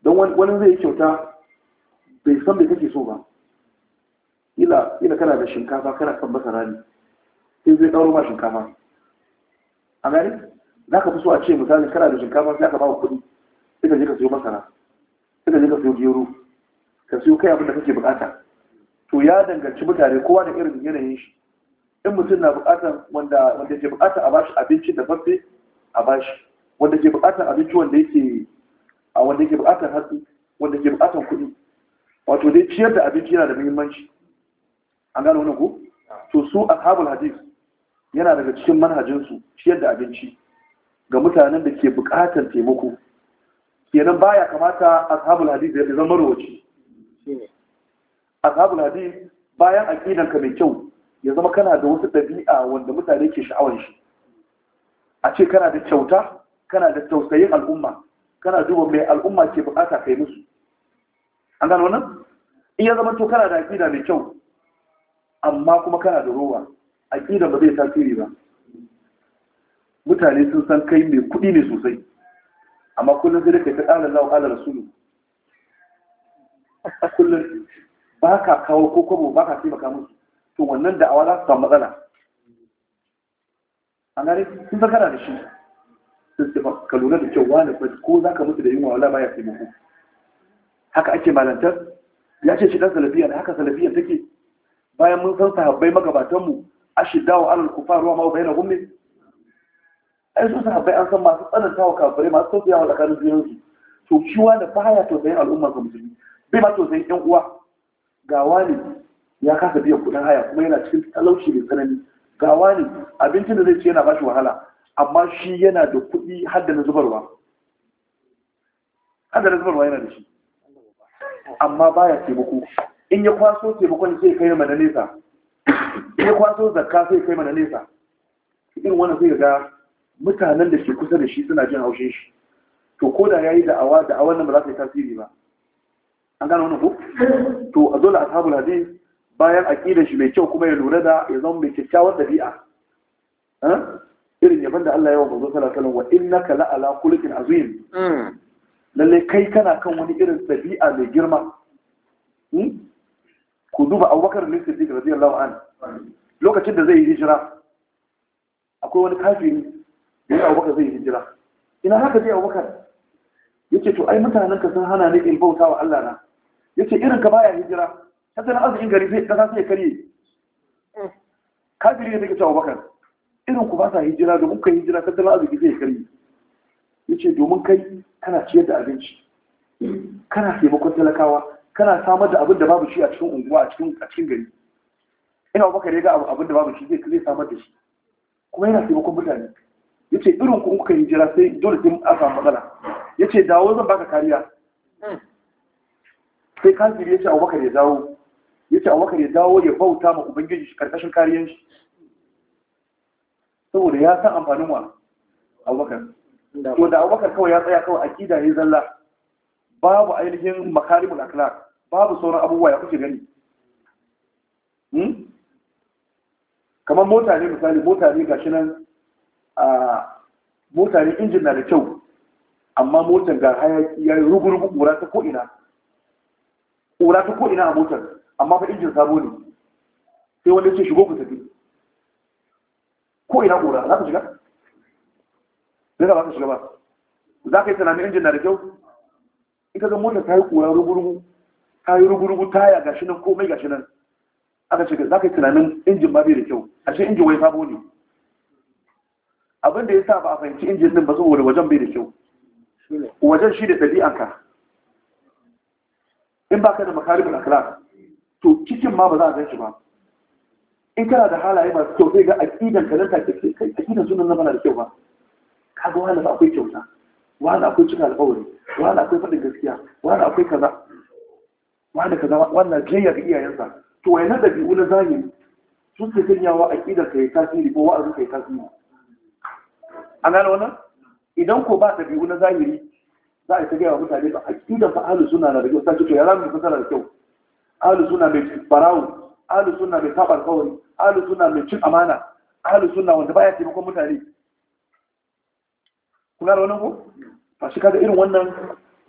don wani zai kyauta bai san bai kake so ba ila ila kana da shinkafa kana son masara ne sai zai ɗauro ma shinkafa a gani za ka fi so a ce misali kana da shinkafa sai aka bawa kuɗi sai je ka siyo masara sai je ka siyo gero ka siyo kai abin da kake bukata to ya danganci mutane kowa da irin yanayin shi in mutum na bukatar wanda wanda ke bukata a bashi abinci da babbe a bashi wanda ke bukatar abinci wanda yake a wanda ke bukatar hatsi wanda ke bukatar kuɗi wato dai ciyar da abinci yana da muhimmanci an gano wannan ko to su ashabul hadith yana daga cikin manhajinsu ciyar da abinci ga mutanen da ke buƙatar taimako kenan baya kamata ashabul hadith ya zama rawaci ashabul hadith bayan aqidan ka mai kyau ya zama kana da wasu ɗabi'a wanda mutane ke sha'awar shi a ce kana da kyauta kana da tausayin al'umma kana duba mai al'umma ke bukata kai musu an gano nan in ya zama to kana da aqida mai kyau amma kuma kana da rowa aqida ba zai tasiri ba mutane sun san kai mai kuɗi ne sosai amma kullum sai kai ta ƙara lau ala rasulu kullum ba ka kawo ko kwabo ba ka taimaka musu to wannan da'awa za su samu matsala A gane sun san kana da shi sun ce ka lura da kyau wani fa ko za ka mutu da yunwa wala baya taimako haka ake malantar ya ce shi ɗan salafiya da haka salafiya take bayan mun san sahabbai magabatanmu ashidawa alal kufar ruwa ma bayyana gummi ai su sahabbai an san masu tsananta wa kafirai masu tausaya wa tsakanin zuyansu to shi wanda baya tausayin al'ummar sa musulmi bai ma tausayin yan uwa ga wani ya kasa biyan kuɗin haya kuma yana cikin talauci mai tsanani ga wani abincin da zai ci yana ba shi wahala amma shi yana da kuɗi har da na zubarwa har da na zubarwa yana da shi amma baya taimako in ya kwaso taimakon sai kai mana nesa in ya kwaso zakka sai kai mana nesa irin wannan zai ga mutanen da ke kusa da shi suna jin haushin shi to ko da ya yi da'awa da'awar nan ba za ta yi tasiri ba an gano wani ku? to a dole ashabul hadis bayan aqidar shi mai kyau kuma ya lura da ya zama mai kyakkyawar dabi'a eh? irin yaban da Allah ya wa sallallahu alaihi wasallam wa innaka la'ala ala khuluqin azim hmm. lalle kai kana kan wani irin dabi'a mai girma hmm? ku duba Abubakar bin Siddiq radiyallahu anhu lokacin da zai yi hijira akwai wani kafiri sai abubakar zai hijira ina haka zai abubakar ce to ai mutanen ka sun hana ni in bauta wa Allah na Ya ce irin ka baya hijira tattalin arzikin gari sai kasa sai karye kafiri ne take cewa abubakar irin ku ba sa hijira domin kai hijira tattalin arziki zai karye ce domin kai kana ciyar da abinci kana taimakon talakawa kana samar da abin da babu shi a cikin unguwa a cikin gari ina abubakar ya ga abin da babu shi zai samar da shi kuma yana taimakon mutane yace irin ku kuka hijira sai dole sai a samu matsala yace dawo zan baka kariya hmm. sai ce a Abubakar ya dawo yace Abubakar ya dawo ya bauta ma ubangiji shi karkashin kariyar shi saboda ya san amfanin wa Abubakar to da Abubakar kawai ya tsaya kawai akida ne zalla babu ainihin makarimul akhlaq babu sauran abubuwa ya kuke gani hmm? kamar mota ne misali mota ne gashi nan mota ne injin na da kyau amma motar ga hayaki ya yi rugurugu ƙura ta ko'ina ƙura ta ko'ina a motar amma fa injin sabo ne sai wanda ce shigo ku tafi ko'ina ƙura za ka shiga? zai ba ka shiga ba za ka yi tunanin injin na da kyau Ita ka ga motar ta yi ƙura rugurugu ta yi rugurugu taya gashi nan komai gashi nan aka ce za ka yi tunanin injin ba bai da kyau ashe injin wai sabo ne abin da ya sa ba a fahimci injin din ba saboda wajen bai da kyau wajen shi da ɗabi'anka in ba ka da makaribin akhlaq to cikin ma ba za a gan shi ba in kana da halaye masu kyau sai ga aqidan ka nan ke kai aqidan sunan nan bana da kyau ba Ka ga wani akwai kyauta wani akwai cika alƙawari wani akwai faɗin gaskiya wani akwai kaza wani kaza wannan jayya ga iyayensa to wayannan ɗabi'u na zahiri sun ke sanyawa aqidar ka yi tasiri ko wa'azin ka yi tasiri an wannan idan ko ba ta biyu na zahiri za a tafiya wa mutane ba a aqidan fa ahlus sunna na da kyau sai to ya zamu fasara da kyau ahlus sunna mai barawo ahlus sunna mai tabar kawai ahlus sunna mai cin amana ahlus sunna wanda baya taimakon mutane kuna da wannan ko ba shi kaga irin wannan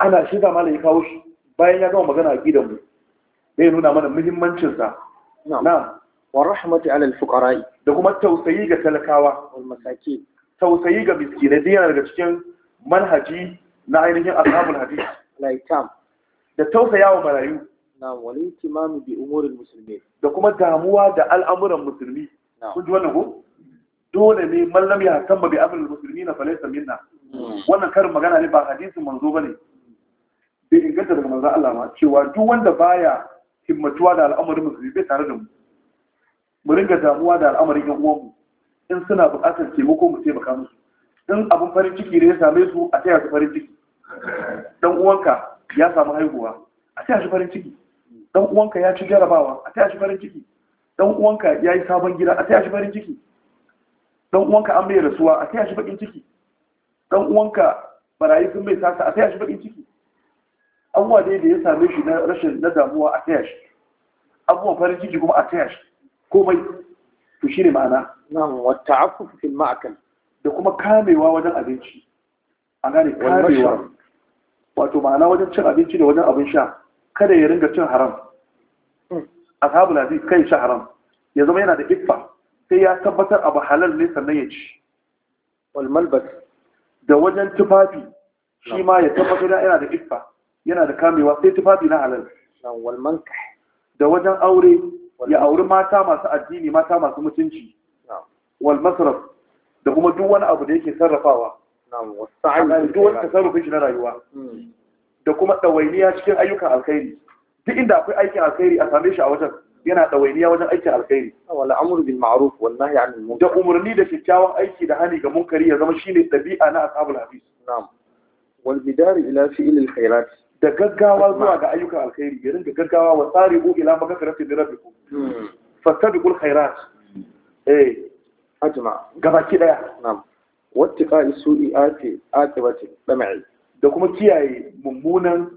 ana shi da malai kawo shi bayan ya gama magana a mu zai nuna mana muhimmancin sa na'am wa rahmatu ala al-fuqara da kuma tausayi ga talakawa wal masakin tausayi ga miskinai din yana daga cikin manhaji na ainihin ashabul hadith laitam da wa marayu na wani timamu bi umurin musulmi da kuma damuwa da al'amuran musulmi kun ji wannan ko dole ne mallam ya ba bi amrul musulmi na falaysa minna hmm. wannan karin magana ne ba hadisin manzo bane bai inganta daga manzo Allah ma cewa duk wanda baya himmatuwa da al'amarin musulmi bai tare da mu mu ringa damuwa da al'amarin yan uwanmu in suna buƙatar taimako mu taimaka musu in abin farin ciki ne ya same su a taya su farin ciki dan uwanka ya samu haihuwa a taya shi farin ciki dan uwanka ya ci jarabawa a taya shi farin ciki dan uwanka ya yi sabon gida a taya shi farin ciki dan uwanka an bai rasuwa a taya shi bakin ciki dan uwanka barayi sun bai sata a taya shi bakin ciki abubuwa dai da ya same shi na rashin na damuwa a taya shi abubuwan farin ciki kuma a taya shi komai to shine ma'ana na'am wa ta'affuf fil ma'kal da kuma kamewa wajen abinci an gane kamewa wato ma'ana wajen cin abinci da wajen abin sha kada ya ringa cin haram hmm. ashabul hadith kai sha haram ya zama yana da iffa sai ya tabbatar abu halal ne sannan ya ci wal da wajen tufafi shi ma ya tabbatar yana da iffa yana da kamewa sai tufafi na halal da wajen aure ya auri mata masu addini mata masu mutunci wal masraf da kuma duk wani abu da yake sarrafawa duk wani tasarrufin shi na rayuwa hmm. da kuma ɗawainiya cikin ayyukan alkhairi duk inda akwai aikin alkhairi a same shi a wajen yana ɗawainiya wajen aikin alkhairi wal amru bil ma'ruf wal nahyi anil munkar da umarni da kyakkyawan aiki da hani ga munkari ya zama shine ɗabi'a na ashabul hadis na'am wal bidari ila fi'il al khairat da gaggawa zuwa ga ayyukan alkhairi ya da gaggawa wa tsari ko ila maka karafi da rabbi hmm. fastabiqul khairat eh ajma gabaki daya na'am ake, ake ati aqibati dam'i da kuma kiyaye mummunan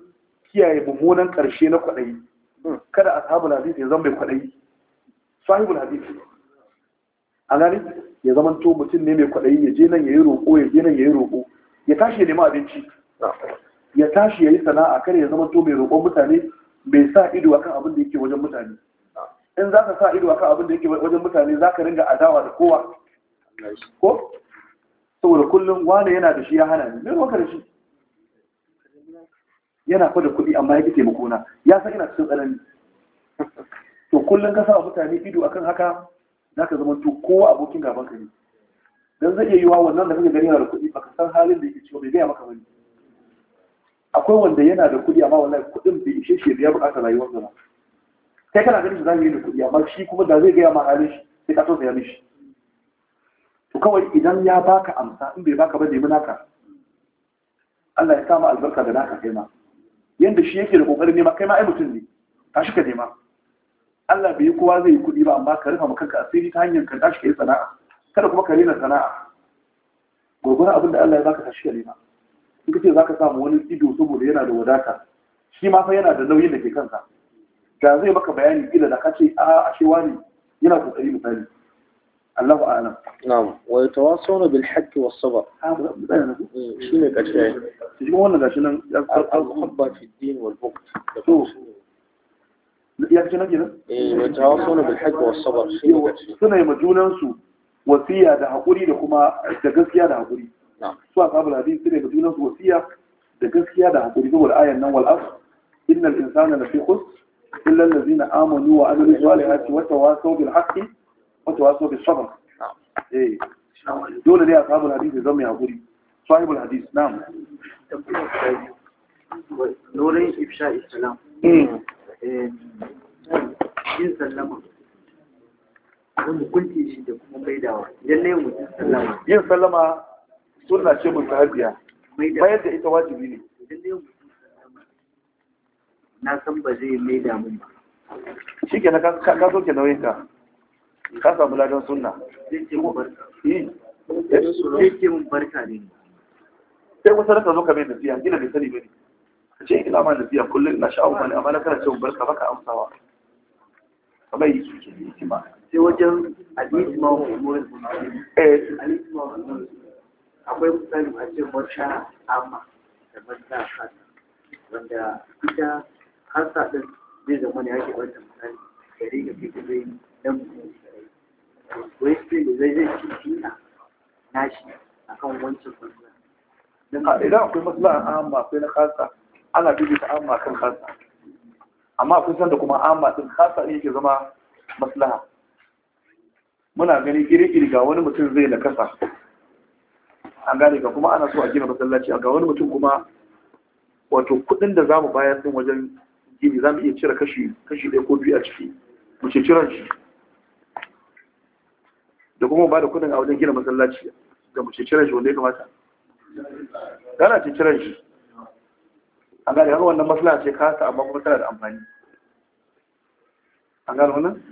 kiyaye mummunan karshe na kwadayi hmm. kada ashabul hadisi ya zama mai kwadayi sahibul hadisi a gani ya zama to mutum ne mai kwadayi ya je nan ya yi roƙo ya je nan ya yi roƙo ya tashi ya nemi abinci ya tashi ya yi sana'a kar ya zama to mai roƙon mutane bai sa ido akan abin da yake wajen mutane in za ka sa ido akan abin da yake wajen mutane za ka ringa adawa da kowa ko saboda kullum wane yana da shi ya hana ni mai da shi yana fa da kuɗi amma yake taimako na ya san ina cikin tsanani <laughs> to kullum ka sa mutane ido akan haka za ka zama to kowa abokin gaban ka ne dan zai iya wa wannan da kake gani yana da kuɗi ba ka san halin da yake ciwo bai gaya maka bane akwai wanda yana da kuɗi amma wallahi kudin bai ishe shi ya buƙatar rayuwar sa kai kana ganin za mu yi da kuɗi amma shi kuma da zai gaya ma halin shi sai ka tausaya mishi to kawai idan ya baka amsa in bai baka ba nemi naka Allah ya kama albarka da naka kai ma yanda shi yake da kokarin nema kai ma ai mutum ne tashi ka nema Allah bai yi kowa zai yi kuɗi ba amma ka rufa kanka asiri ta hanyar ka tashi ka yi sana'a kada kuma ka rena sana'a gwagwara abin da Allah ya baka tashi ka nema in ka ce za ka samu wani ido saboda yana da wadata shi ma fa yana da nauyin da ke kansa da zai maka bayani kila da ka ce a ashe wani yana kokari misali Allahu a'lam na'am wa yatawasawna bil haqq was sabr ah, mm, shine kace shi wannan gashi nan ya habba fi din wal bughd to ya kace nan kenan eh wa yatawasawna bil haqq was sabr shine kace suna yi majunan su wasiya da hakuri da kuma da gaskiya da hakuri su ashabul su ne ga junan wasiya da gaskiya da hakuri saboda ayan nan wal innal insana lafi khus illa allazina amanu wa amilu salihati wa tawasaw bil haqqi wa tawasaw bis sabr eh dole ne ashabul hadith ya zama hakuri sahibul hadith na'am wurin ifsha islam hmm. sallama shi da kuma idan na yin sallama yin sallama suna ce mun tahabiya bayan da ita wajibi ne na san ba zai mai damu ba shi ke na ka soke nauyin ka ka samu ladon suna. zai ce mun barka ne sai wasu rasa zo ka mai nasiya gina bai sani mai ka ce ina ma nasiya kullum ina sha'awar ne amma na kana ce mun barka baka amsawa kamar yi suke hikima sai wajen al'ijima wa umurin akwai misali a ce wata amma da mata hasa wanda ita hasa ɗin zai zama ne ake wata misali da riga ga fito zai dan mutum wai sai da zai zai ci fiya nashi akan wancan banza idan akwai matsala a amma sai na hasa ana bibita amma kan hasa amma kun san da kuma amma din hasa ne yake zama maslaha muna gani iri-iri ga wani mutum zai kasa an gane ka kuma ana so a gina masallaci a ga wani mutum kuma wato kuɗin da zamu bayar din wajen gini zamu iya cire kashi kashi ɗaya ko biyu a ciki mu ce ciran shi da kuma ba da kuɗin a wajen gina masallaci ga mu ce ciran shi wanda ya kamata gana ce ciran shi an gane har wannan maslaha ce kasa amma kuma tana da amfani an gane wannan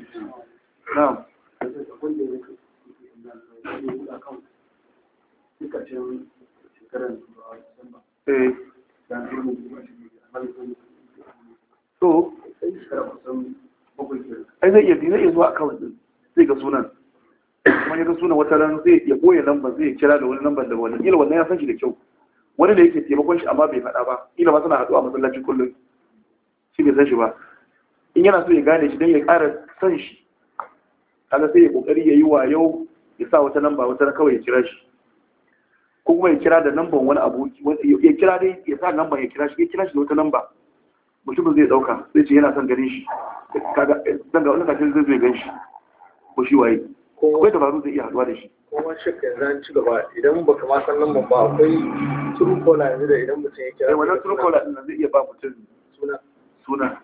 na'am Eh. ai zai iya zai a kawai din zai ga sunan kuma ya ga sunan wata ran zai ya boye lambar zai kira da wani lambar da wani ila wannan ya san shi da kyau wani da yake taimakon shi amma bai faɗa ba ila ba suna haɗuwa masallacin kullum shi bai san shi ba in yana so ya gane shi don ya ƙara san shi kaga sai ya kokari ya yi wayo ya sa wata lamba wata kawai ya kira shi ko kuma ya kira da namban wani aboki ya kira dai ya sa namban ya kira shi ya kira shi da wata namba mutumin zai dauka zai ce yana son ganin shi kaga dan ga wannan kafin zai gan shi ko shi waye akwai dabaru zai iya haduwa da shi kuma shakka zan ci gaba idan ba kama san namban ba akwai true caller yanzu da idan mutum ya kira eh wannan true caller din zai iya ba mutum suna suna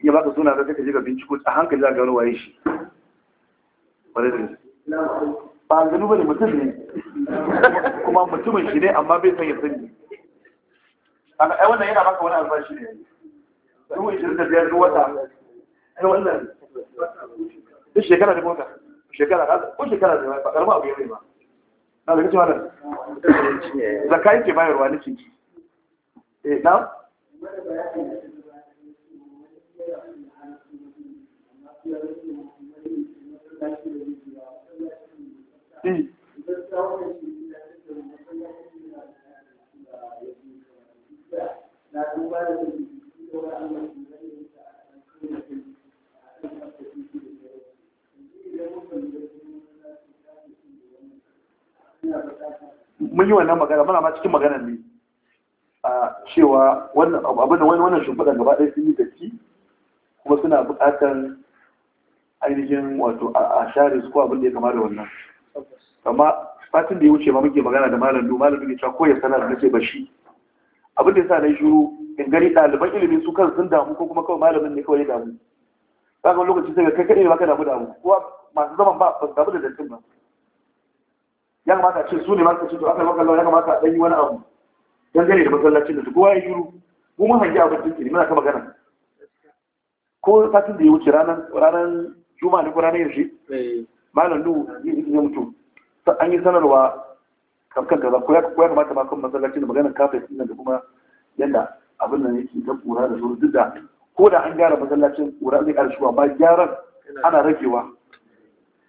ya baka suna da kake je ka binciko a hankali za ka gano waye shi bare ba zanu bane mutum ne kuma mutumin shi ne amma bai san ya sani kaga ai wannan yana baka wani albashi ne ruwa shi da biyar ruwa wata ai wannan duk shekara da mota shekara ko shekara da ba karama abu yare ba na daga cewa nan zakka ke bayarwa nake ji eh na Thank you. Eh. mun yi wannan magana mana ma cikin magana ne a cewa wannan wani wannan shugaban gaba ɗaya sun yi datti kuma suna buƙatar ainihin wato a share su ko abin da ya kama da wannan amma fatin da ya wuce ma muke magana da malam du malam duk ya ko ya sanar da ce ba shi abin da yasa na shiru in gani ɗaliban ilimin su kan sun damu ko kuma kawai malamin ne kawai ya damu kaga wani lokaci sai ga kai kaɗai ba ka damu damu ko masu zaman ba ba damu da dattin ba ya kamata a ce su ne masu ce to aka maka ya kamata a ɗanyi wani abu dangane da masallacin da su kowa ya shiru mu mun hangi abin da ne muna ta magana ko fatin da ya wuce ranar juma'a ne ko ranar yaushe eh. malam du ya mutu an yi sanarwa kankan kaza ko ya kamata ma kan masallaci da maganar kafin din da kuma yadda abin nan yake ta kura da su duk da ko da an gyara masallacin kura zai ƙara ba gyaran ana ragewa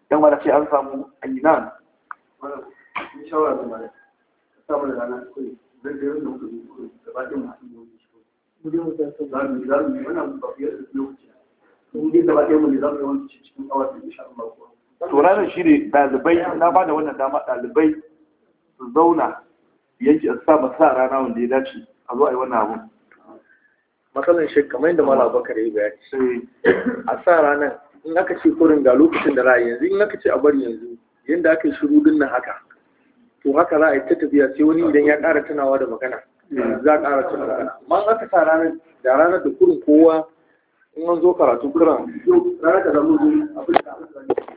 yan mara ce an samu ayyinan shawara da da zai da yi mu wannan cikin awa da insha Allah to shi ne ɗalibai na ba da wannan dama ɗalibai su zauna yanki a sa masa rana wanda ya dace a zo a yi wannan abun matsalin shi kamar yadda mala bakar ya bayani eh. a sa ranar in aka ce kurin ga lokacin da ra'ayi yanzu in aka ce a bari yanzu yadda aka yi shiru din nan haka to haka za a yi ta tafiya sai wani idan ya ƙara tunawa da magana eh. za a ƙara tunawa amma in aka sa ranar da ranar da kurin kowa in an zo karatu kuran ranar da zamu zo abin da